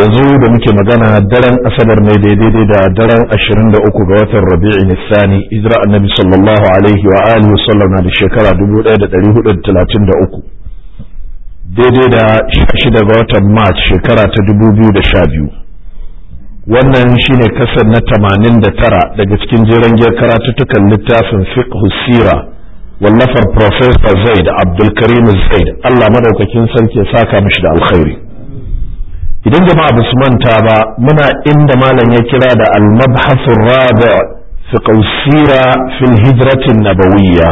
yanzu da muke magana daren asabar ne daidai da daren 23 ga watan rabi'in sani hijira annabi sallallahu alaihi wa alihi wa sallam na da shekara 1433 daidai da 6 ga watan march shekara ta 2012 wannan shine kasar na 89 daga cikin jeren giyar karatuttukan littafin fiqh sira wallafar professor zaid abdulkarim zaid Allah madaukakin sarki ya saka mishi da alkhairi idan jama'a ba su manta ba muna inda malam ya kira da al raba rabi fi qausira fil hijratin nabawiyya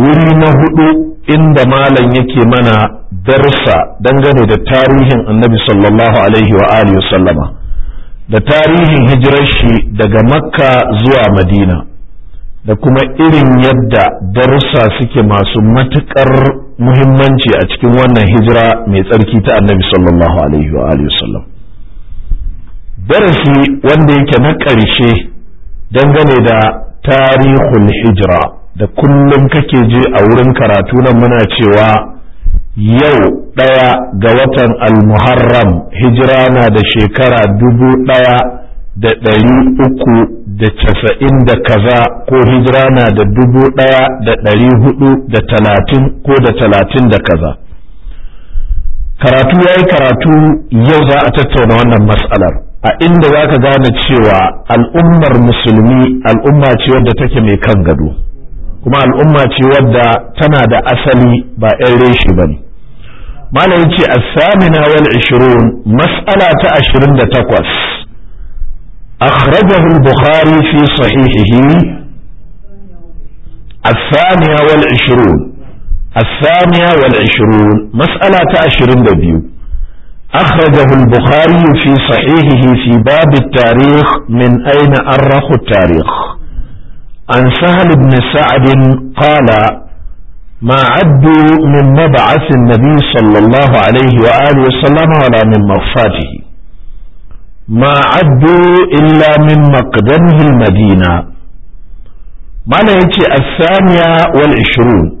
wuri na hudu inda malam yake mana darsa dangane da tarihin annabi sallallahu alaihi wa alihi sallama da tarihin hijirar shi daga makka zuwa madina da kuma irin yadda darussa suke masu matuƙar muhimmanci a cikin wannan hijira mai tsarki ta annabi sallallahu alaihi wa wasallam darasi wanda yake na ƙarshe dangane da tarihul hijira da kullum kake je a wurin karatu nan muna cewa yau ɗaya ga watan al-muharram hijira na da shekara dubu ɗaya da ɗari uku da casa'in da kaza ko hijira na da dubu ɗaya da ɗari hudu da talatin ko da talatin da kaza karatu ya yi karatu yau za a tattauna wannan matsalar a inda za ka gane cewa al'ummar musulmi al'umma ce wadda take mai kan gado kuma al'umma ce wadda tana da asali ba 'yan reshe ba ne malayin ce a samina wal 20 mas'ala ta ashirin da takwas أخرجه البخاري في صحيحه الثانية والعشرون الثانية والعشرون مسألة عشرين دبيو أخرجه البخاري في صحيحه في باب التاريخ من أين أرخ التاريخ عن سهل بن سعد قال ما عدوا من مبعث النبي صلى الله عليه وآله وسلم ولا من مغفاته ma addu illa min maqdamil madina malam yace as-saniya wal 20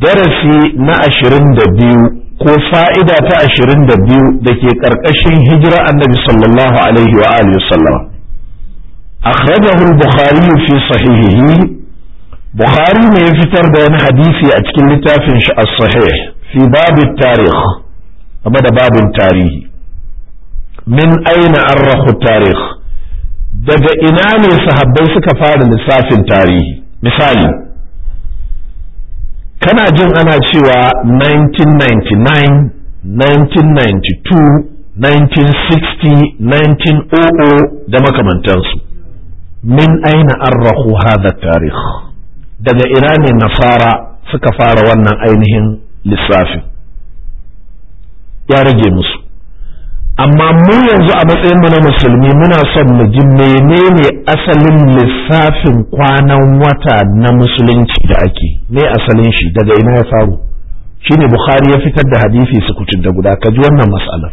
darasi na 22 ko fa'ida ta 22 da ke karkashin hijira annabi sallallahu alaihi wa alihi wasallam akhrajahu al-bukhari fi sahihihi bukhari ne ya fitar da wani hadisi a cikin littafin shi as-sahih fi babin game da babin tarihi min aina arrahu tarikh daga ina ne sahabbai suka fara lissafin tarihi misali kana jin ana cewa 1999 1992 1960 1900 da makamantansu min aina arrahu hadha tarikh daga ina ne nasara suka fara wannan ainihin lissafin ya rage musu amma mu yanzu a matsayinmu na musulmi muna son mu ji menene asalin lissafin kwanan wata na musulunci da ake me asalin shi daga ina ya faru shine bukhari ya fitar da hadisi sukutun da guda kaji wannan matsalar.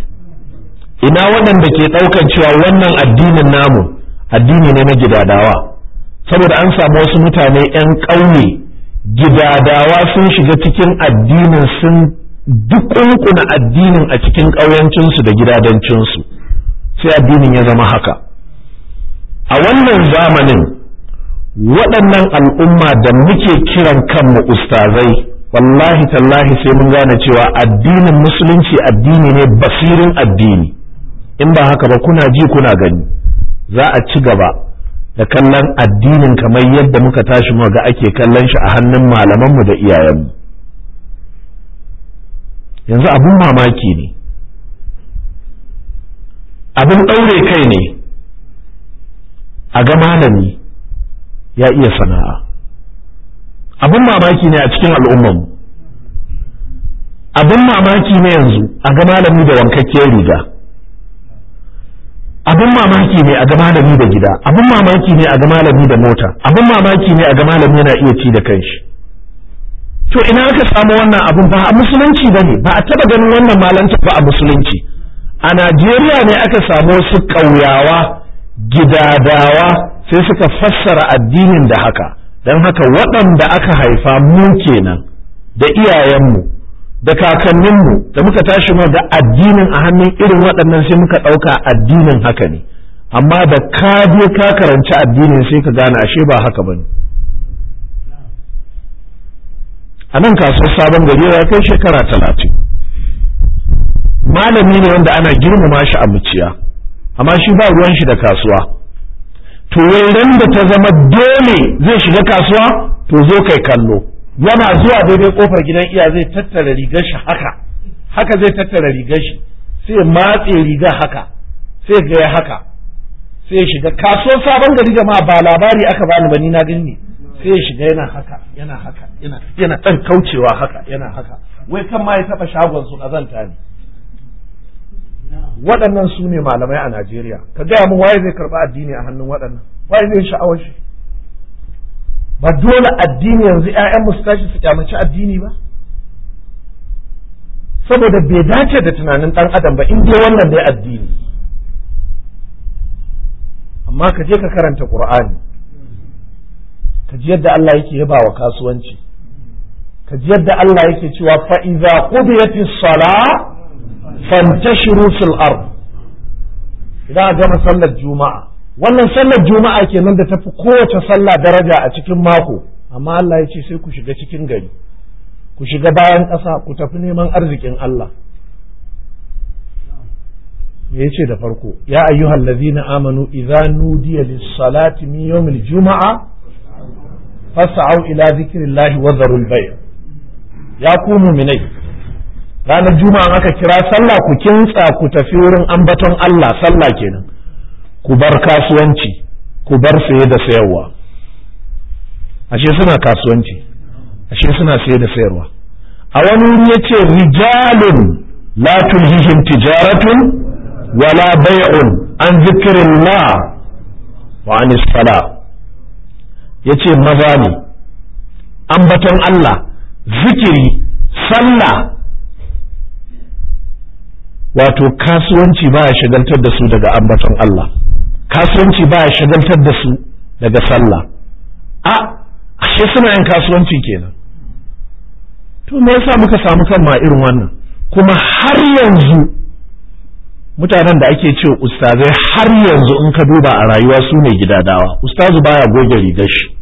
ina waɗanda ke ɗaukan cewa wannan addinin namu addini ne na gidadawa saboda an samu wasu mutane 'yan ƙauye gidadawa sun shiga cikin addinin sun duk kunkuna addinin a cikin ƙauyancinsu da gidadancinsu sai addinin ya zama haka a wannan zamanin waɗannan al'umma da muke kiran kanmu ustazai wallahi tallahi sai mun gane cewa addinin musulunci addini ne basirin addini in ba haka ba kuna ji kuna gani za a ci gaba da kallon addinin kamar yadda muka tashi muka ga ake kallon shi a hannun malamanmu da iyayenmu yanzu abin mamaki ne abin ɗaure kai ne a ga malami ya iya sana'a abin mamaki ne a cikin al'ummanmu abin mamaki ne yanzu a ga malami da wankakkiyar riga abin mamaki ne a ga malami da gida abin mamaki ne a ga malami da mota abin mamaki ne a ga malami yana iya ci da kanshi to ina aka samu wannan abun ba a musulunci ba ne ba a taba ganin wannan malanta ba a musulunci a najeriya ne aka samu wasu ƙauyawa gidadawa sai suka fassara addinin da haka don haka waɗanda aka haifa mu kenan da iyayenmu da kakanninmu da muka tashi ma da addinin a hannun irin waɗannan sai muka ɗauka addinin haka ne amma da ka je ka karanci addinin sai ka gane ashe ba haka ba ne a nan kasuwar sabon gari ya kai shekara talatin malami ne wanda ana girmama shi a muciya amma shi ba ruwan shi da kasuwa to ran da ta zama dole zai shiga kasuwa to zo kai kallo yana zuwa daidai kofar gidan iya zai tattara rigar shi haka haka zai tattara rigar shi sai matse rigar haka sai ga haka sai shiga kasuwar sabon gari jama'a ba labari aka bani ba ni na gani sai ya shiga yana haka yana haka yana ɗan kaucewa haka yana haka wai kan ma ya taba shagon su kazanta ne waɗannan su ne malamai a Najeriya ka gaya mun waye zai karɓi addini a hannun waɗannan waye zai sha'awar shi ba dole addini yanzu 'ya'yan mu su tashi su kyamaci addini ba saboda bai dace da tunanin ɗan adam ba in dai wannan dai addini amma ka je ka karanta ƙur'ani ka ji yadda Allah yake yaba wa kasuwanci ka ji yadda Allah yake cewa fa iza qudiyati sala fantashiru fil ard idan a gama sallar juma'a wannan sallar juma'a kenan da tafi kowace sallah daraja a cikin mako amma Allah ya sai ku shiga cikin gari ku shiga bayan ƙasa ku tafi neman arzikin Allah me yace da farko ya ayyuhal ladina amanu idza nudiya lis salati min yawmil juma'a fas'au ila zikrillah wa zarul bay' ya ku mu'minai ranar juma'a aka kira sallah ku kintsa ku tafi wurin ambaton Allah sallah kenan ku bar kasuwanci ku bar saye da sayarwa ashe suna kasuwanci ashe suna saye da sayarwa a wani wuri yace rijalun la tulhihim tijaratun wala bay'un an zikrillah wa anis salah ya ce maza ne ambaton Allah zikiri sallah wato kasuwanci ba ya shagaltar da su daga ambaton Allah kasuwanci ba ya shagaltar da su daga sallah a ashe suna yin kasuwanci kenan to me yasa muka samu kan ma irin wannan kuma har yanzu mutanen da ake ce ustazai har yanzu in ka duba a rayuwa su ne gidadawa ustazu baya goge rigar shi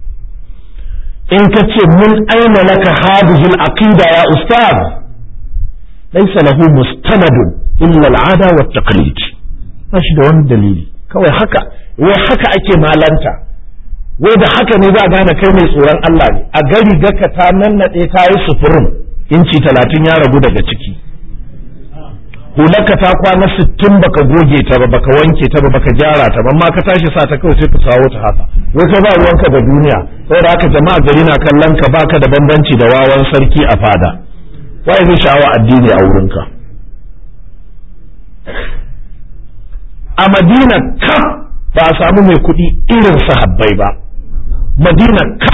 in ka ce mun aina laka hadhihi al-aqida ya ustaz laysa lahu mustanadun illa al'ada wa taqlid shi da wani dalili kawai haka wai haka ake malanta wai da haka ne za a gane kai mai tsoron Allah ne a gari gaka ta nannaɗe ta yi sufurin inci talatin ya ragu daga ciki hulaka ta kwana sittin baka goge ta ba baka wanke ta ba baka gyara ta amma ka tashi sa ta kawai sai ka sawo ta haka wai ka ba ruwanka da duniya da haka jama'a gari na kallon ka baka da bambanci da wawan sarki a fada wai zai sha'awa addini a wurinka a madina ka ba a samu mai kuɗi irin sahabbai ba madina ka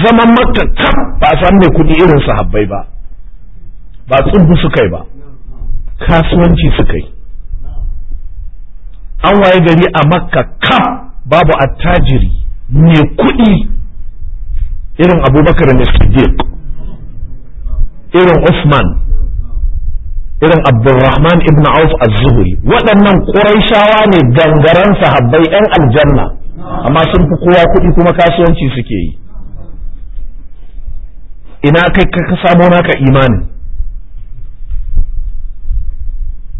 zaman makka ka ba a samu mai kuɗi irin sahabbai ba ba tsubu suka yi ba kasuwanci suka yi an waye gari a makka kam babu attajiri mai kuɗi irin abubakar da siddiq irin usman irin abdulrahman ibn auf az-zuhri waɗannan ƙuraishawa ne gangaren sahabbai 'yan aljanna amma sun fi kowa kuɗi kuma kasuwanci suke yi ina kai ka samo naka imani?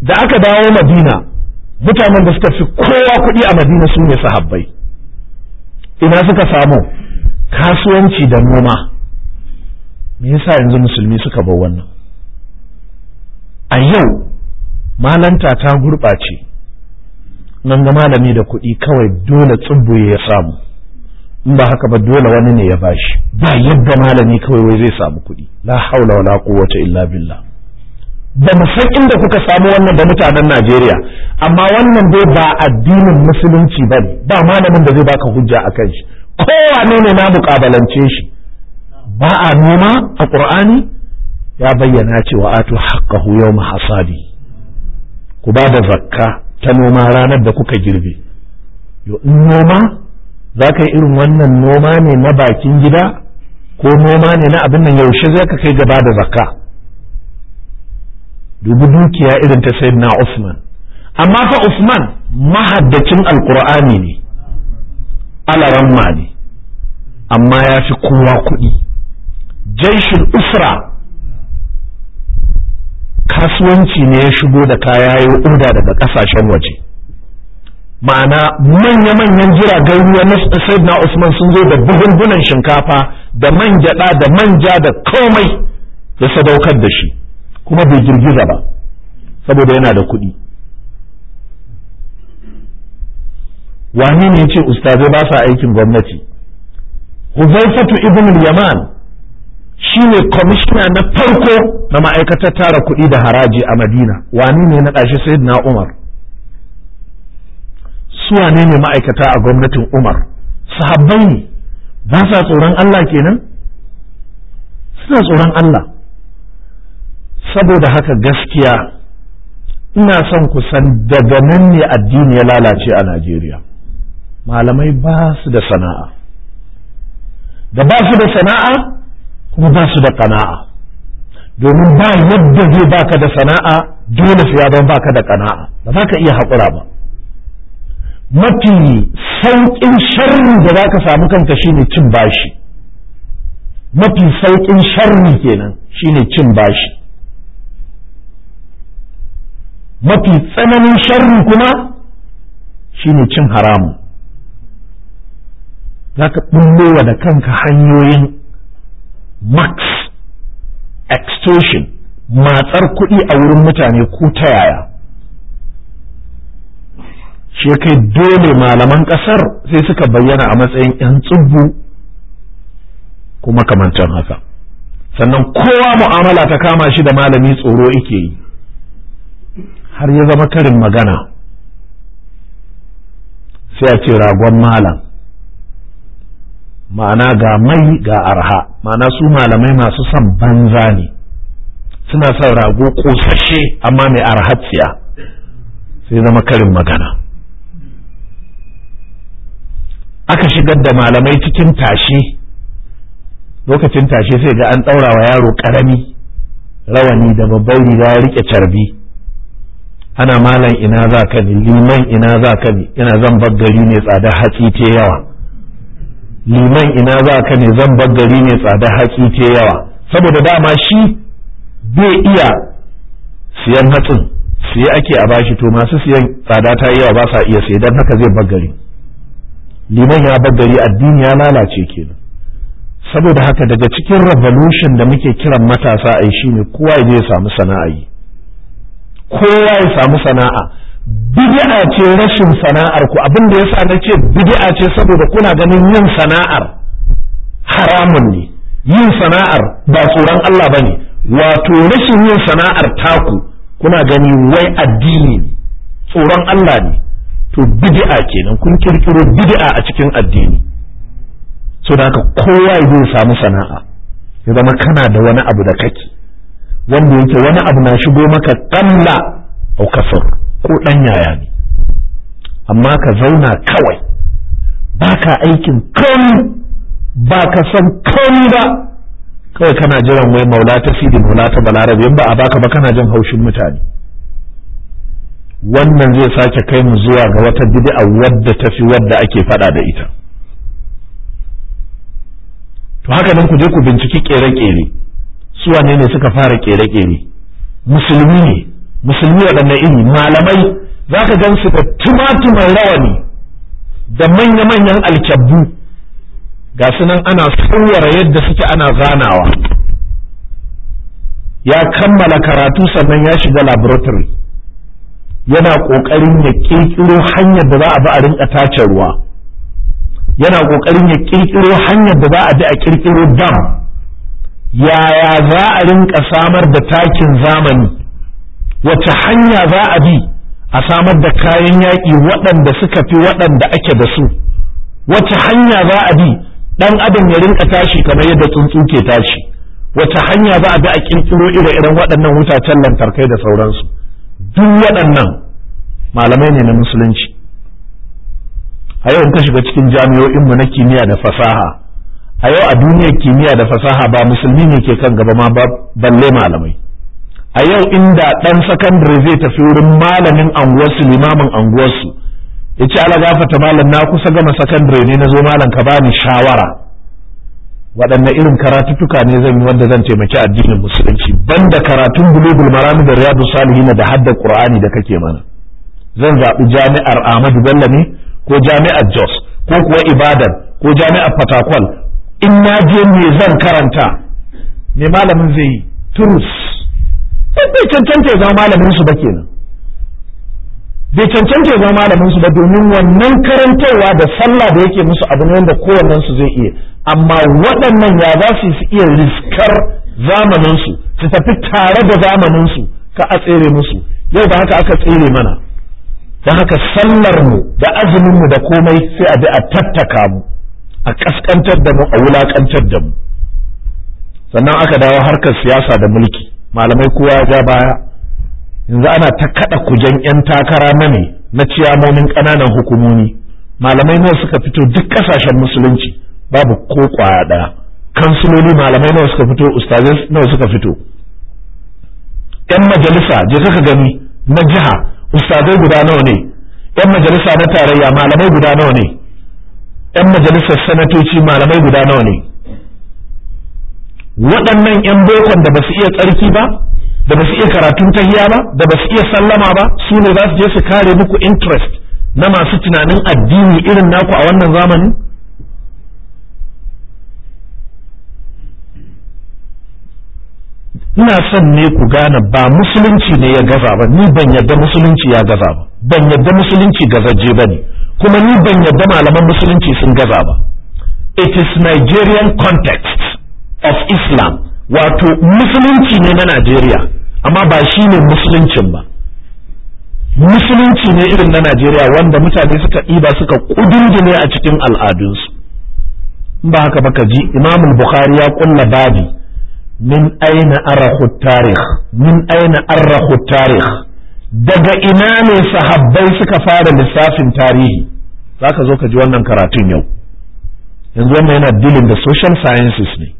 da aka dawo madina mutanen da suka fi kowa kuɗi a madina su ne sahabbai ina suka samu kasuwanci da noma me yasa yanzu musulmi suka bar wannan a yau malanta ta gurɓace nan ga malami da kuɗi kawai dole tsubbuye ya samu in ba haka ba dole wani ne ya bashi ba yadda malami kawai wai zai samu kuɗi la haula wala quwwata illa billah ba mu san inda kuka samu wannan da mutanen Najeriya amma wannan dai ba addinin musulunci ba ba malamin da zai baka hujja a kan shi kowane ne na mukabalance shi ba a noma a ƙur'ani ya bayyana cewa atu haqqahu yawma hasadi ku ba da zakka ta noma ranar da kuka girbe yo in noma za ka yi irin wannan noma ne na bakin gida ko noma ne na abin nan yaushe zai kai gaba da zakka dubi dukiya irin ta sayyidina Usman amma fa Usman mahaddacin alqur'ani ne alaramma ne amma ya fi kowa kuɗi jaishin usra kasuwanci ne ya shigo da kaya ya yi oda daga ƙasashen waje ma'ana manya-manyan jiragen ruwa na sayyidina Usman sun zo da buhunhunan shinkafa da man gyaɗa da manja da komai da sadaukar da shi kuma bai girgiza ba saboda yana da kuɗi wani ne ce ustazai ba sa aikin gwamnati huzaifatu ibn yaman shi ne kwamishina na farko na ma'aikatar tara kuɗi da haraji a madina wani ne na ɗashi sai na umar su wane ne ma'aikata a gwamnatin umar sahabbai ne ba sa tsoron allah kenan suna tsoron allah saboda haka gaskiya ina son kusan daga nan ne addini ya lalace a Najeriya malamai ba su da sana'a da ba su da sana'a kuma ba su da kana'a domin ba yadda zai baka da sana'a dole su ya don baka da kana'a ba za ka iya haƙura ba mafi sauƙin sharri da za ka samu kanka shine cin bashi mafi sauƙin sharri kenan shine cin bashi mafi tsananin sharri kuma ne cin haramu za ka wa da kanka hanyoyin max extortion matsar kuɗi a wurin mutane ko ta yaya shi kai dole malaman ƙasar sai suka bayyana a matsayin 'yan tsubbu kuma kamantan haka sannan kowa mu'amala ta kama shi da malami tsoro yake yi har ya zama karin magana sai a ce ragon malam ma'ana ga mai ga arha ma'ana su malamai masu son banza ne suna son rago ƙosashe amma mai arhatsiya sai zama karin magana aka shigar da malamai cikin tashe lokacin tashe sai ga an ɗaura wa yaro ƙarami rawani da babban riga ya riƙe carbi ana malam ina za ka bi liman ina za ka bi ina zan bar gari ne tsada hatsi te yawa liman ina za ka ne zan bar gari ne tsada hatsi te yawa saboda dama shi bai iya siyan hatsin sai ake a bashi to masu siyan tsada ta yawa ba sa iya sai dan haka zai bar liman ya bar gari addini ya lalace kenan saboda haka daga cikin revolution da muke kiran matasa a yi shine kowa samu sana'a yi kowa ya samu sana'a bid'a ce rashin sana'ar ku abin da yasa na ce bid'a ce saboda kuna ganin yin sana'ar haramun ne yin sana'ar ba tsoron Allah bane wato rashin yin sana'ar taku kuna gani wai addini ne tsoron Allah ne to bid'a kenan kun kirkiro bid'a a cikin addini so da haka kowa ya samu sana'a ya zama kana da wani abu da kake wanda yake wani abu na shigo maka ƙalla au kafir ko ɗan yaya ne amma ka zauna kawai baka aikin komi ba ka san komi ba kawai kana jiran wai maula ta sidi maula ta balarabe ba a baka ba kana jin haushin mutane wannan zai sake kai mu zuwa ga wata bid'a wadda ta fi wadda ake fada da ita to haka nan ku je ku binciki kere-kere shi wane ne suka fara kere-kere musulmi ne musulmi waɗanne iri malamai za ka gan su da tumatumin rawani da manya-manyan alkyabbu ga sunan ana tsawara yadda suke ana zanawa ya kammala karatu sannan ya shiga laboratory yana ƙoƙarin ya ƙirƙiro hanyar da za a bi a rinka tace ruwa yana ƙoƙarin ya ƙirƙiro hanyar da za a bi a ƙirƙiro dam yaya za a rinka samar da takin zamani wace hanya za a bi a samar da kayan yaƙi waɗanda suka fi waɗanda ake da su wace hanya za a bi ɗan adam ya rinka tashi kamar yadda tsuntsu ke tashi wace hanya za a bi a ƙirƙiro ire-iren waɗannan wutacen lantarkai da sauransu duk waɗannan malamai ne na musulunci a yau in ka shiga cikin jami'o'inmu na kimiyya da fasaha a yau a duniyar kimiyya da fasaha ba musulmi ne ke kan gaba ma balle malamai a yau inda ɗan sakandare zai tafi wurin malamin anguwarsu limamin anguwarsu ya ce ala gafata malam na kusa gama sakandare ne na zo malam ka bani shawara waɗanne irin karatuttuka ne zan yi wanda zan taimaki addinin musulunci banda karatun bulugul marami da riyadu salihina da hadda qur'ani da kake mana zan zaɓi jami'ar ahmadu bello ne ko jami'ar jos ko kuwa ibadan ko jami'ar fatakwal in na je me zan karanta me malamin zai yi turus eh, bai cancanta ya zama malamin su ba kenan bai cancanta ya zama malamin su ba domin wannan karantarwa da sallah da yake musu abu ne wanda kowannen su zai iya amma waɗannan ya za su su iya riskar zamanin su su tafi tare da zamanin su ka a tsere musu yau da haka aka tsere mana Da haka sallar mu da azumin mu da komai sai a bi a tattaka mu a ƙasƙantar da mu a wulaƙantar da mu sannan aka dawo harkar siyasa da mulki malamai kowa ya ja baya yanzu ana ta kaɗa kujen yan takara na ne na ciyamomin ƙananan hukumomi malamai nawa suka fito duk ƙasashen musulunci babu ko kwaya ɗaya kansiloli malamai nawa suka fito ustazai nawa suka fito yan majalisa je kaka gani na jiha ustazai guda nawa ne yan majalisa na tarayya malamai guda nawa ne 'yan majalisar sanatoci malamai guda nawa ne waɗannan 'yan bokon da ba su iya tsarki ba da ba su iya karatun tahiya ba da ba su iya sallama ba su ne za su je su kare muku interest na masu tunanin addini irin naku a wannan zamani. ina son ne ku gane ba musulunci ne ya gaza ba ni ban yadda musulunci ya gaza ba ban yadda musulunci gazaje ba ne kuma ni ban yadda malaman musulunci sun gaza ba it is Nigerian context of Islam wato musulunci ne na Najeriya amma ba shi ne musuluncin ba musulunci ne irin na Najeriya wanda mutane suka ɗiba suka ƙudundune a cikin al'adunsu ba haka ba ka ji imamul bukhari ya ƙulla babi min aina arahu tarikh min aina arahu tarikh daga ina ne sahabbai suka fara lissafin tarihi za ka zo ka ji wannan karatun yau yanzu wannan yana dealing da social sciences ne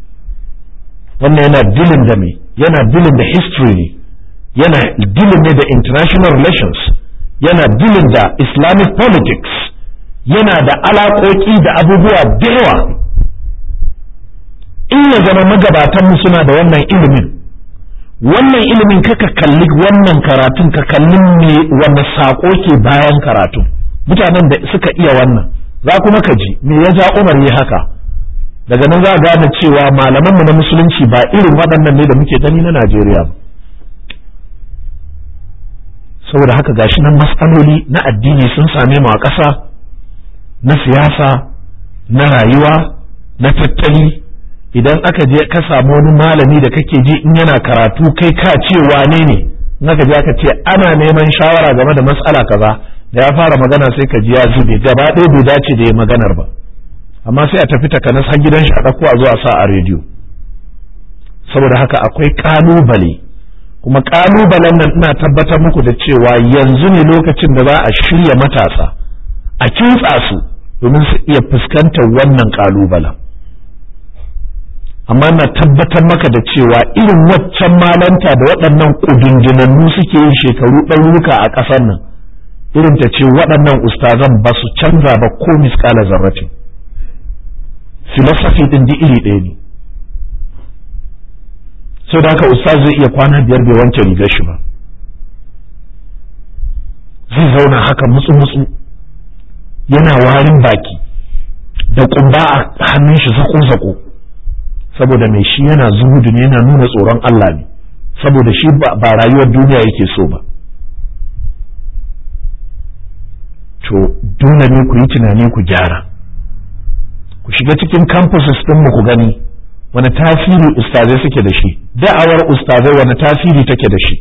wannan yana dealing da me yana dealing da history ne yana dealing ne da international relations yana dealing da islamic politics yana da alaƙoƙi da abubuwa da in ya zama magabatanmu suna da wannan ilimin wannan ilimin kaka kalli wannan karatun ka kalli me wanda sako ke bayan karatun mutanen da suka iya wannan za kuma ka ji me ya ja Umar yi haka daga nan za a gane cewa mu na musulunci ba irin waɗannan ne da muke gani na Najeriya ba saboda haka gashi nan matsaloli na addini sun same mu a ƙasa na siyasa na rayuwa na tattali idan aka je ka samu wani malami da kake ji in yana karatu kai ka ce wane ne in aka je aka ce ana neman shawara game da matsala kaza da ya fara magana sai ka ji ya zube gaba ɗaya bai dace da ya maganar ba amma sai a tafi takanas har gidan shi a ɗauko a zo a sa a rediyo saboda haka akwai ƙalubale kuma ƙalubalen nan ina tabbatar muku da cewa yanzu ne lokacin da za a shirya matasa a kintsa su domin su iya fuskantar wannan ƙalubalen amma na tabbatar maka da cewa irin waccan malanta da waɗannan ƙudundunannu suke yin shekaru ɗaruka a ƙasar nan irin ta ce waɗannan ustazan ba su canza ba ko misƙala zarratin filosofi ɗin di iri ɗaya ne sau da haka ustaz zai iya kwana biyar bai wanke rigar shi ba zai zauna haka mutsu-mutsu yana warin baki da ƙumba a hannun shi zaƙo-zaƙo saboda mai shi yana zuhudu ne yana nuna tsoron Allah ne saboda shi ba rayuwar duniya yake so ba to dole ne ku yi tunani ku gyara ku shiga cikin campuses mu ku gani wani tasiri ustazai suke da shi da'awar ustazai wani tasiri take da shi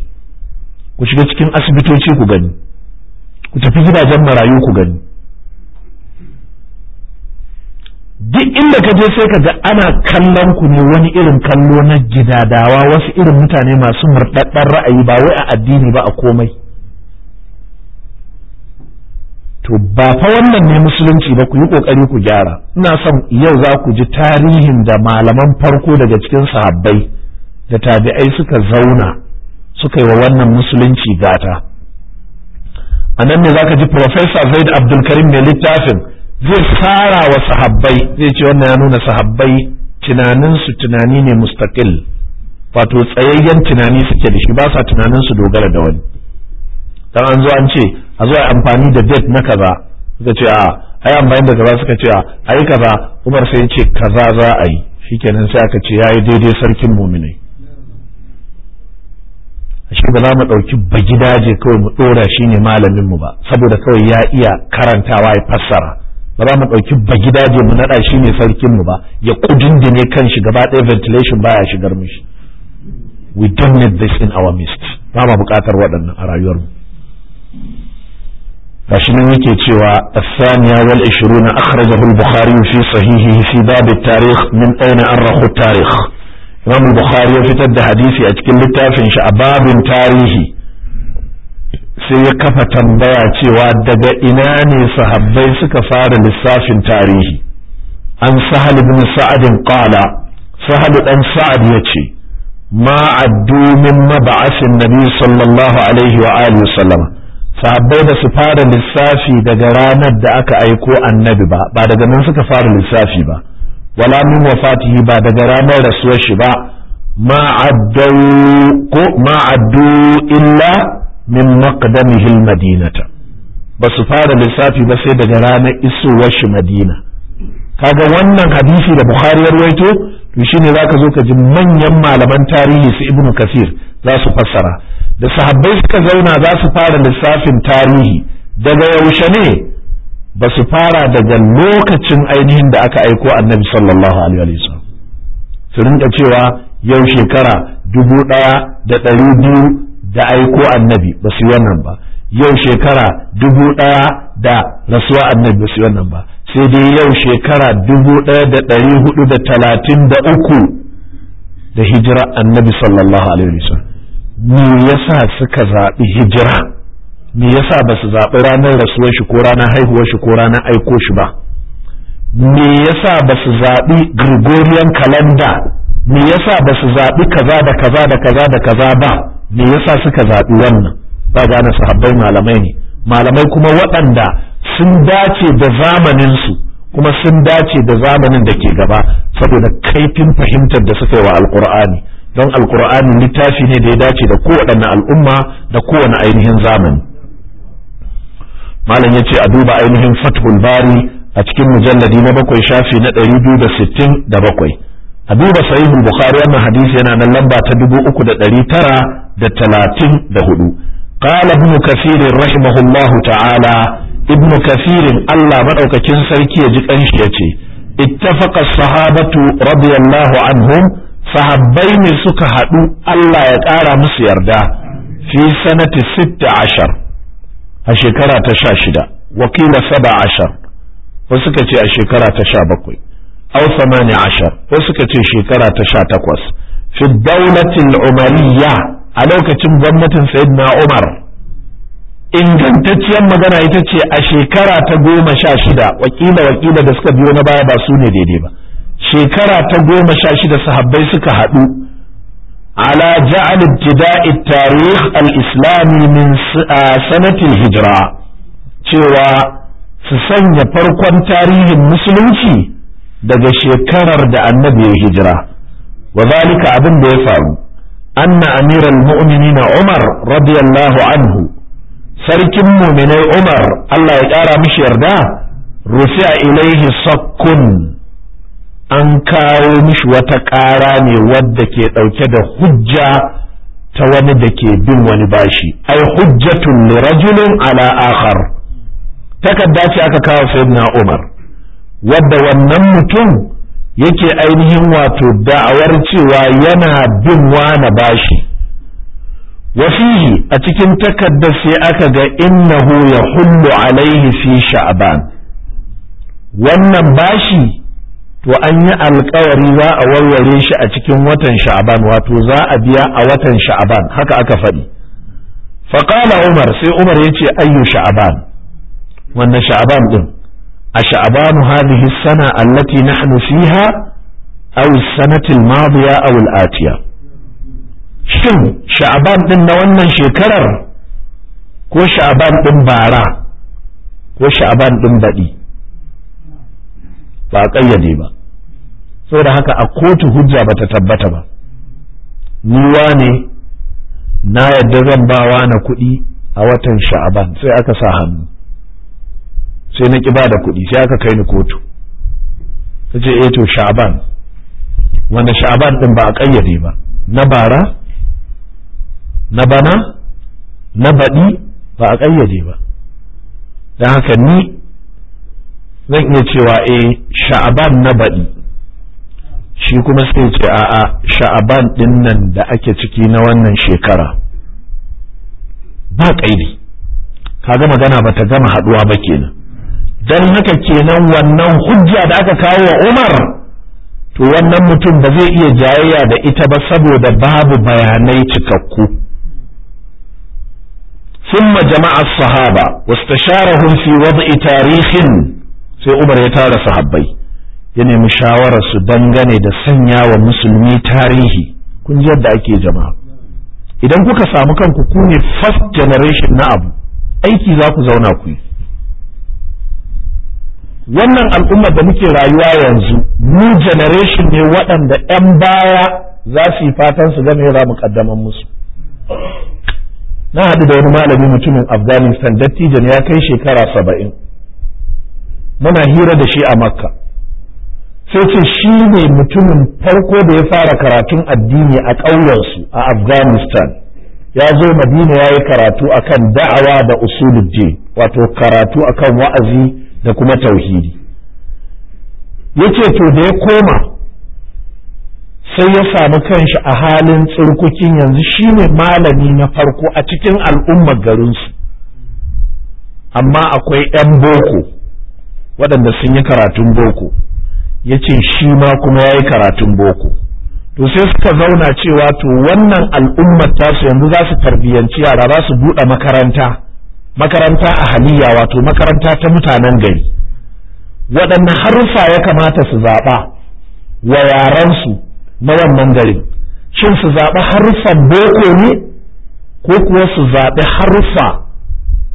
ku shiga cikin asibitoci ku gani ku tafi gidajen marayu ku gani duk inda ka je sai ka ga ana kallon ku ne wani irin kallo na gidadawa wasu irin mutane masu murdaddan ra'ayi ba wai a addini ba a komai to ba fa wannan ne musulunci ba ku yi kokari ku gyara ina son yau za ku ji tarihin da malaman farko daga cikin sahabbai da tabi'ai suka zauna suka yi wa wannan musulunci gata a nan ne za ka ji professor zaid abdulkarim mai littafin zai tsara wa sahabbai zai ce wannan ya nuna sahabbai tunaninsu tunani ne mustaqil wato tsayayyen tunani suke da shi ba sa tunaninsu dogara da wani dan an zo an ce a zo a amfani da date na kaza suka ce a ai amfani da kaza suka ce a ai kaza Umar sai ya ce kaza za a yi shikenan sai aka ce yayi daidai sarkin mu'minai shi ba za mu ɗauki bagidaje kawai mu ɗora shi ne malaminmu ba saboda kawai ya iya karantawa ya fassara ba za mu ɗauki bagidaje mu naɗa shi ne sarkinmu ba ya kudindine kan shi gaba ɗaya ventilation baya shigar mishi we don't need this in our midst ba ma buƙatar waɗannan a rayuwarmu shi nan yake cewa الثانية والعشرون أخرجه البخاري في صحيحه في باب التاريخ من أين أرخ التاريخ إمام hadisi a cikin littafin shi a babin tarihi sai ya kafa tambaya cewa daga ina ne sahabbai suka fara lissafin tarihi an sahal bin sa'adin qala sahal dan sa'ad yace ma addu min mab'asin nabi sallallahu alaihi wa alihi wasallam sahabbai ba su fara lissafi daga ranar da aka aiko annabi ba ba daga nan suka fara lissafi ba wala min wafatihi ba daga ranar rasuwar shi ba ma addu ko ma addu illa min maqdamihi almadinata ba su fara lissafi ba sai daga ranar isowar shi madina kaga wannan hadisi da bukhari ya ruwaito to shine zaka zo ka ji manyan malaman tarihi su ibnu kasir za su fassara da sahabbai suka zauna za su fara lissafin tarihi daga yaushe ne ba su fara daga lokacin ainihin da aka aiko annabi sallallahu alaihi sallam. su rinka cewa yau shekara dubu ɗaya da ɗari biyu da aiko annabi ba su wannan ba yau shekara dubu ɗaya da rasuwa annabi ba su wannan ba sai dai yau shekara dubu ɗaya da ɗari hudu da talatin da uku da hijira annabi sallallahu alaihi wasallam me yasa suka zaɓi hijira me yasa ba su zaɓi ranar rasuwar shi ko ranar haihuwar shi ko ranar aiko shi ba me yasa ba su zaɓi Gregorian calendar me yasa ba su zaɓi kaza da kaza da kaza da kaza ba me yasa suka zaɓi wannan ba gane sahabbai malamai ne malamai kuma waɗanda sun dace da zamaninsu kuma sun dace da zamanin da ke gaba saboda kaifin fahimtar da suka yi wa alkur'ani don alkur'ani littafi ne da ya dace da kowaɗanne al'umma da kowane ainihin zamani malam ya ce a duba ainihin fathul bari a cikin mujalladi na bakwai shafi na ɗari biyu da sittin da bakwai a duba sahihul bukhari wannan hadisi yana nan lamba ta dubu uku da ɗari tara da talatin da hudu قال ابن كثير ta'ala ibnu تعالى Allah كثير sarki ya سركي يجي قنشي يتي اتفق الصحابة رضي الله anhum sahabbai ne suka haɗu Allah ya ƙara musu yarda fi sanati sitta ashar a shekara ta sha shida wakila saba ashar wasu suka ce a shekara ta sha bakwai aw samani ashar wasu suka ce shekara ta sha takwas fi daulatin umariya a lokacin gwamnatin sayyidina umar ingantacciyar magana ita ce a shekara ta goma sha shida wakila wakila da suka biyo na baya ba su ne daidai ba shekara ta goma sha shida sahabbai suka haɗu ala ja'al ibtida'i tarikh al-islami min sanatil hijra cewa su sanya farkon tarihin musulunci daga shekarar da annabi ya hijira wa zalika abin da ya faru anna amiral mu'minin Umar radiyallahu anhu sarkin mu'minai Umar Allah ya kara mishi yarda rufi'a ilaihi sakkun an kawo mishi wata ƙara ne wadda ke ɗauke da hujja ta wani da ke bin wani bashi ai hujjatun li rajulin ala akhar takarda ce aka kawo sayyidina Umar wadda wannan mutum yake ainihin wato da'awar cewa yana bin wani bashi wafihi a cikin takarda sai aka ga innahu ya hullu alaihi fi sha'ban wannan bashi to an yi alkawari za a warware shi a cikin watan sha'ban wato za a biya a watan sha'ban haka aka faɗi faƙala umar sai umar ya ce ayyu sha'ban wannan sha'ban ɗin أشعبان هذه السنة التي نحن فيها أو السنة الماضية a الآتية shin sha'aban ɗin na wannan shekarar ko sha'aban ɗin bara ko sha'aban ɗin baɗi ba a ƙayyade ba saboda haka a kotu hujja bata tabbata ba niwa ne na yarda zan bawa na kuɗi a watan sha'aban sai aka sa hannu sai na ki da kuɗi sai aka kai ni kotu ta ce eh to sha'aban wanda sha'aban ɗin ba a ƙayyade ba na bara na bana na baɗi ba a ƙayyade ba don haka ni zan iya cewa eh sha'aban na baɗi shi kuma sai ce a'a sha'aban ɗin nan da ake ciki na wannan shekara ba ƙaidi kaga magana ba ta gama haɗuwa ba kenan don haka kenan wannan hujja da aka kawo wa Umar to wannan mutum ba zai iya jayayya da ita ba saboda babu bayanai cikakku jama'a جمع الصحابة واستشارهم في وضع تاريخ sai Umar ya tara sahabbai ya nemi shawarar su dangane da sanya wa musulmi tarihi kun ji yadda ake jama'a idan kuka samu kanku ku ne first generation na abu aiki za ku zauna ku yi wannan al'ummar da muke rayuwa yanzu mu generation ne waɗanda 'yan baya za su yi fatan su game za mu musu na haɗu da wani malami mutumin afghanistan dattijan ya kai shekara saba'in muna hira da shi a makka sai ce shi ne mutumin farko da ya fara karatun addini a ƙauyensu a afghanistan ya zo madina ya yi karatu akan da'awa da usulul wato karatu akan wa'azi da kuma tauhidi yace to da ya koma sai ya samu kanshi a halin tsirkukin yanzu shine malami na farko a cikin al'ummar garinsu amma akwai 'yan boko waɗanda sun yi karatun boko ya ce shi ma kuma ya yi karatun boko to sai suka zauna cewa to wannan al'ummar tasu yanzu za su tarbiyyanci yara za su buɗe makaranta makaranta a haliya wato makaranta ta mutanen gari waɗanne haruffa ya kamata su zaɓa wa yaransu na wannan gari shin su zaɓi haruffan boko ne ko kuwa su zaɓi haruffa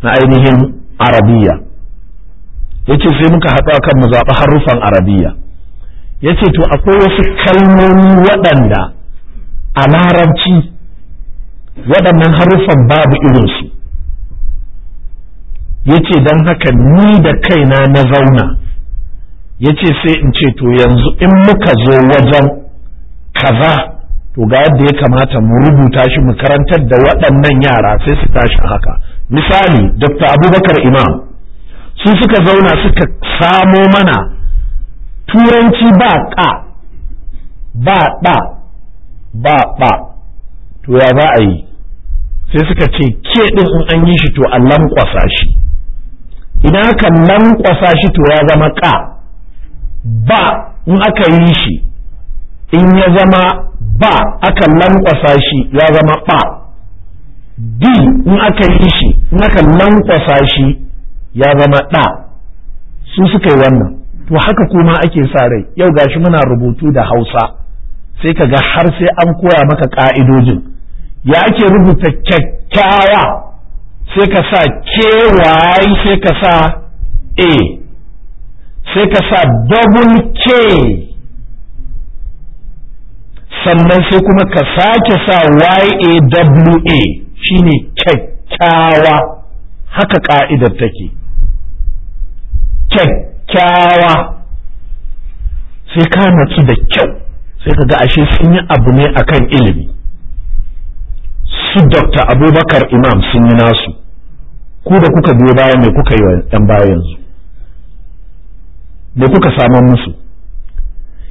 na ainihin arabiya yace sai muka haɗu akan mu zaɓi haruffan arabiya yace to akwai wasu kalmomi waɗanda a larabci waɗannan haruffan babu irinsu yace dan haka ni da kaina na zauna yace sai in ce to yanzu in muka zo wajen kaza to ga yadda ya kamata mu rubuta shi mu karantar da waɗannan yara sai su tashi haka misali dr abubakar imam su suka zauna suka samo mana turanci ba ka ba ɗa ba ɓa to ya za a yi sai suka ce ke ɗin in an yi shi to a lankwasa shi idan aka ƙwasa shi to ya zama ƙa ba in aka yi shi in ya zama ba aka ƙwasa shi ya zama ba d in aka yi shi in aka ƙwasa shi ya zama ɗa su suka yi wannan to haka kuma ake sa rai yau gashi muna rubutu da hausa sai ka ga har sai an koya maka ƙa'idojin ya ake rubuta kyakkyawa sai ka sa ky sai ka sa a sai ka sa double k sannan sai kuma ka sake sa yawa shine kyakkyawa haka ka'idar take kyakkyawa sai ka natsu da kyau sai ka ga ashe sun yi abu ne akan ilimi su dr abubakar imam sun yi nasu ku da kuka biyo bayan mai kuka yi wa 'yan bayan su mai kuka saman musu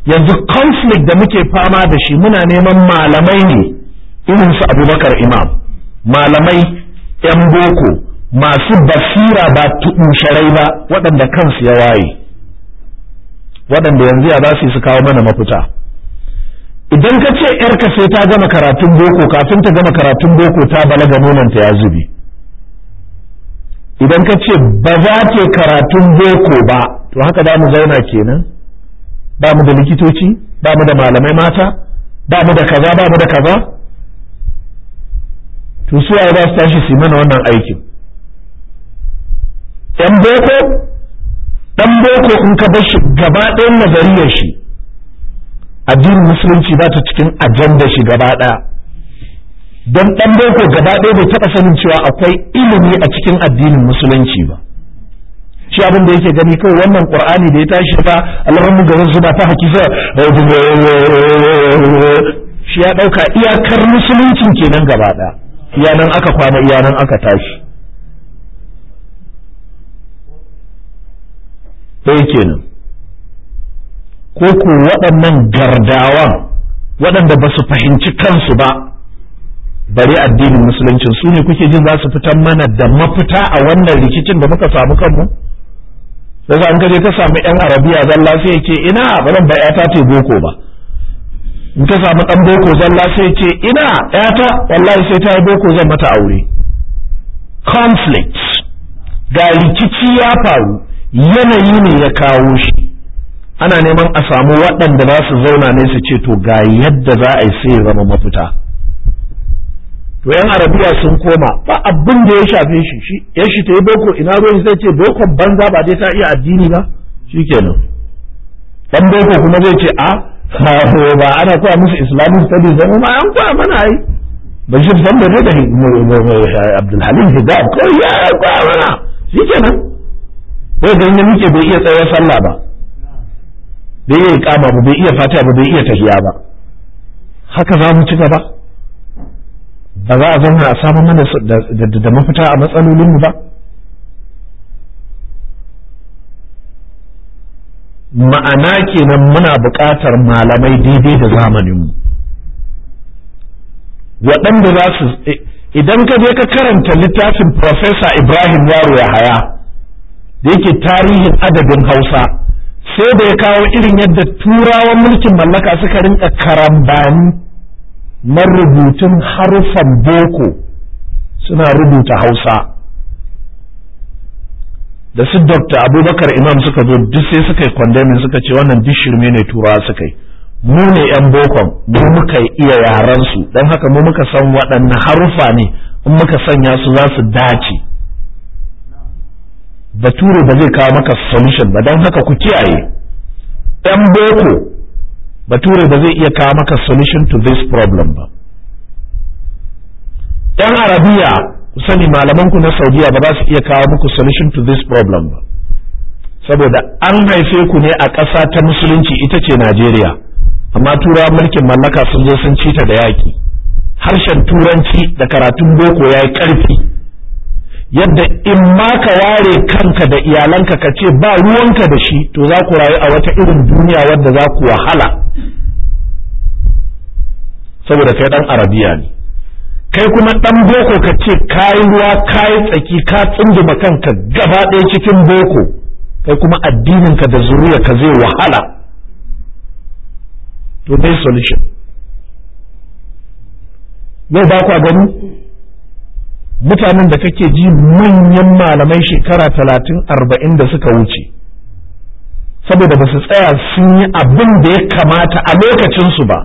yanzu conflict da muke fama da shi muna neman malamai ne irin su abubakar imam malamai 'yan boko masu basira ba sharai ba waɗanda kansu ya waye waɗanda yanzu ya za su kawo mana mafuta idan ka ce yarka sai ta gama karatun boko kafin ta gama karatun boko ta balaga nonanta ya zubi idan ka ce ba za ta karatun boko ba to haka da mu zauna kenan ba mu da likitoci ba mu da malamai mata ba mu da kaza ba mu da kaza to su za su tashi su mana wannan aikin yan boko dan boko in ka bar shi gaba ɗayan nazariyar shi addinin musulunci ba ta cikin ajanda shi gaba ɗaya don ɗan boko gaba ɗaya bai taɓa sanin cewa akwai ilimi a cikin addinin musulunci ba shi abin da yake gani kawai wannan qur'ani da ya tashi fa alhamdu ga wasu ba ta hakisa shi ya ɗauka iyakar musuluncin kenan gaba ɗaya iyanan aka kwana iyanan aka tashi ɗaya kenan ko ko waɗannan gardawan waɗanda ba su fahimci kansu ba Bari addinin musulunci su ne kuke jin za su fitan mana da mafita a wannan rikicin da muka samu kanmu daga an kaje ka samu yan arabiya zalla sai ya ce ina ba zan ba yata ta boko ba in ka samu dan boko zalla sai ya ce ina yata wallahi sai ta yi boko zan mata aure conflict ga rikici ya faru yanayi ne ya kawo shi ana neman a samu waɗanda za su zauna ne su ce to ga yadda za a yi sai zama mafita to yan arabiya sun koma ba abin da ya shafe shi shi ya shi ta yi boko ina ruwan zai ce boko banza ba dai ta iya addini ba nan. dan boko kuma zai ce ah, a ba ana koya musu islamic studies zama ma an koya mana ai bashir san da da abdulhalim hidab ko ya koya mana ganin muke bai iya tsaye sallah ba bai iya kama ba bai iya fata ba bai iya tahiya ba haka za mu ci gaba ba za a zauna a samu mana da mafita a matsalolinmu ba ma'ana kenan muna buƙatar malamai daidai da zamaninmu waɗanda za su idan ka je ka karanta littafin Profesa Ibrahim Yaro Yahaya da yake tarihin adadin Hausa sai da ya kawo irin yadda turawan mulkin mallaka suka rinka karambani na rubutun harufan boko suna rubuta hausa da su dokta abubakar imam suka zo duk sai suka yi kwandamin suka ce wannan duk shirme ne turawa suka yi mu ne yan bokon mu muka iya yaransu don haka mu muka san waɗanne harufa ne in muka sanya su za su dace bature ba zai kawo maka solution ba don haka ku kiyaye yan boko bature ba zai iya kawo maka solution to this problem ba yan arabiya ku sani malamanku ku na saudiya ba za su iya kawo muku solution to this problem ba saboda an haife ku ne a ƙasa ta musulunci ita ce najeriya amma turawa mulkin mallaka sun zo sun cita da yaƙi harshen turanci da karatun boko ya yi ƙarfi yadda in ma ka ware kanka da iyalanka ka ce ba ruwanka da shi to za ku rayu a wata irin duniya wadda za ku wahala saboda kai dan arabiya ne kai kuma dan boko ka ce kayi ruwa kayi tsaki ka tsunduma kanka gaba ɗaya cikin boko kai kuma addininka da zuriya ka zai wahala to dai solution yau ba ku gani mutanen da kake ji manyan malamai shekara talatin arba'in da suka wuce saboda ba su tsaya sun yi abin da ya kamata a lokacinsu ba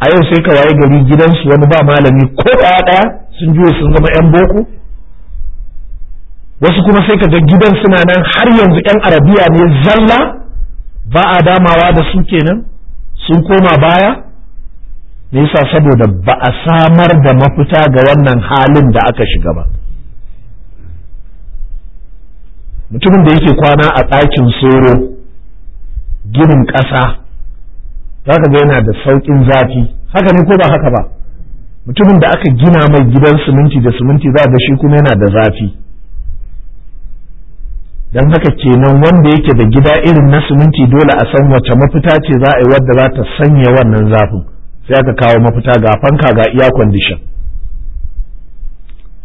a yau sai ka waye gari gidansu wani ba malami ko ɗaya ɗaya sun juya sun zama 'yan boko wasu kuma sai ka ga gidan suna nan har yanzu 'yan arabiya ne zalla ba a damawa da su kenan sun koma baya me saboda ba a samar da mafita ga wannan halin da aka shiga ba mutumin da yake kwana a ɗakin soro ginin ƙasa za ka yana da sauƙin zafi haka ne ko ba haka ba mutumin da aka gina mai gidan siminti da siminti za ga shi kuma yana da zafi don haka kenan wanda yake da gida irin na siminti dole a san wace mafita ce za a yi wadda za ta sanya wannan zafin sai aka kawo mafita ga fanka ga iya kwandishan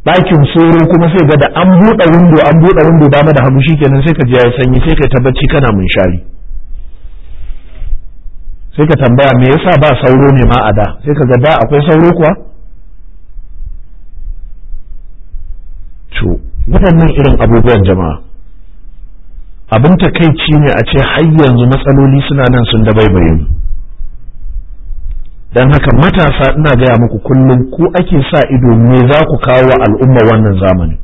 ɗakin soro kuma sai ga da an buɗe windo an buɗe windo dama da hagu shikenan sai ka ji ya sanyi sai ka tabbaci kana munshari sai ka tambaya me yasa ba sauro ne ma a da sai ka ga da akwai sauro kuwa to waɗannan irin abubuwan jama'a abin takaici ne a ce har yanzu matsaloli suna nan sun dabaibaye mu don haka matasa ina gaya muku kullum ku ake sa ido me za ku kawo wa al'umma wannan zamani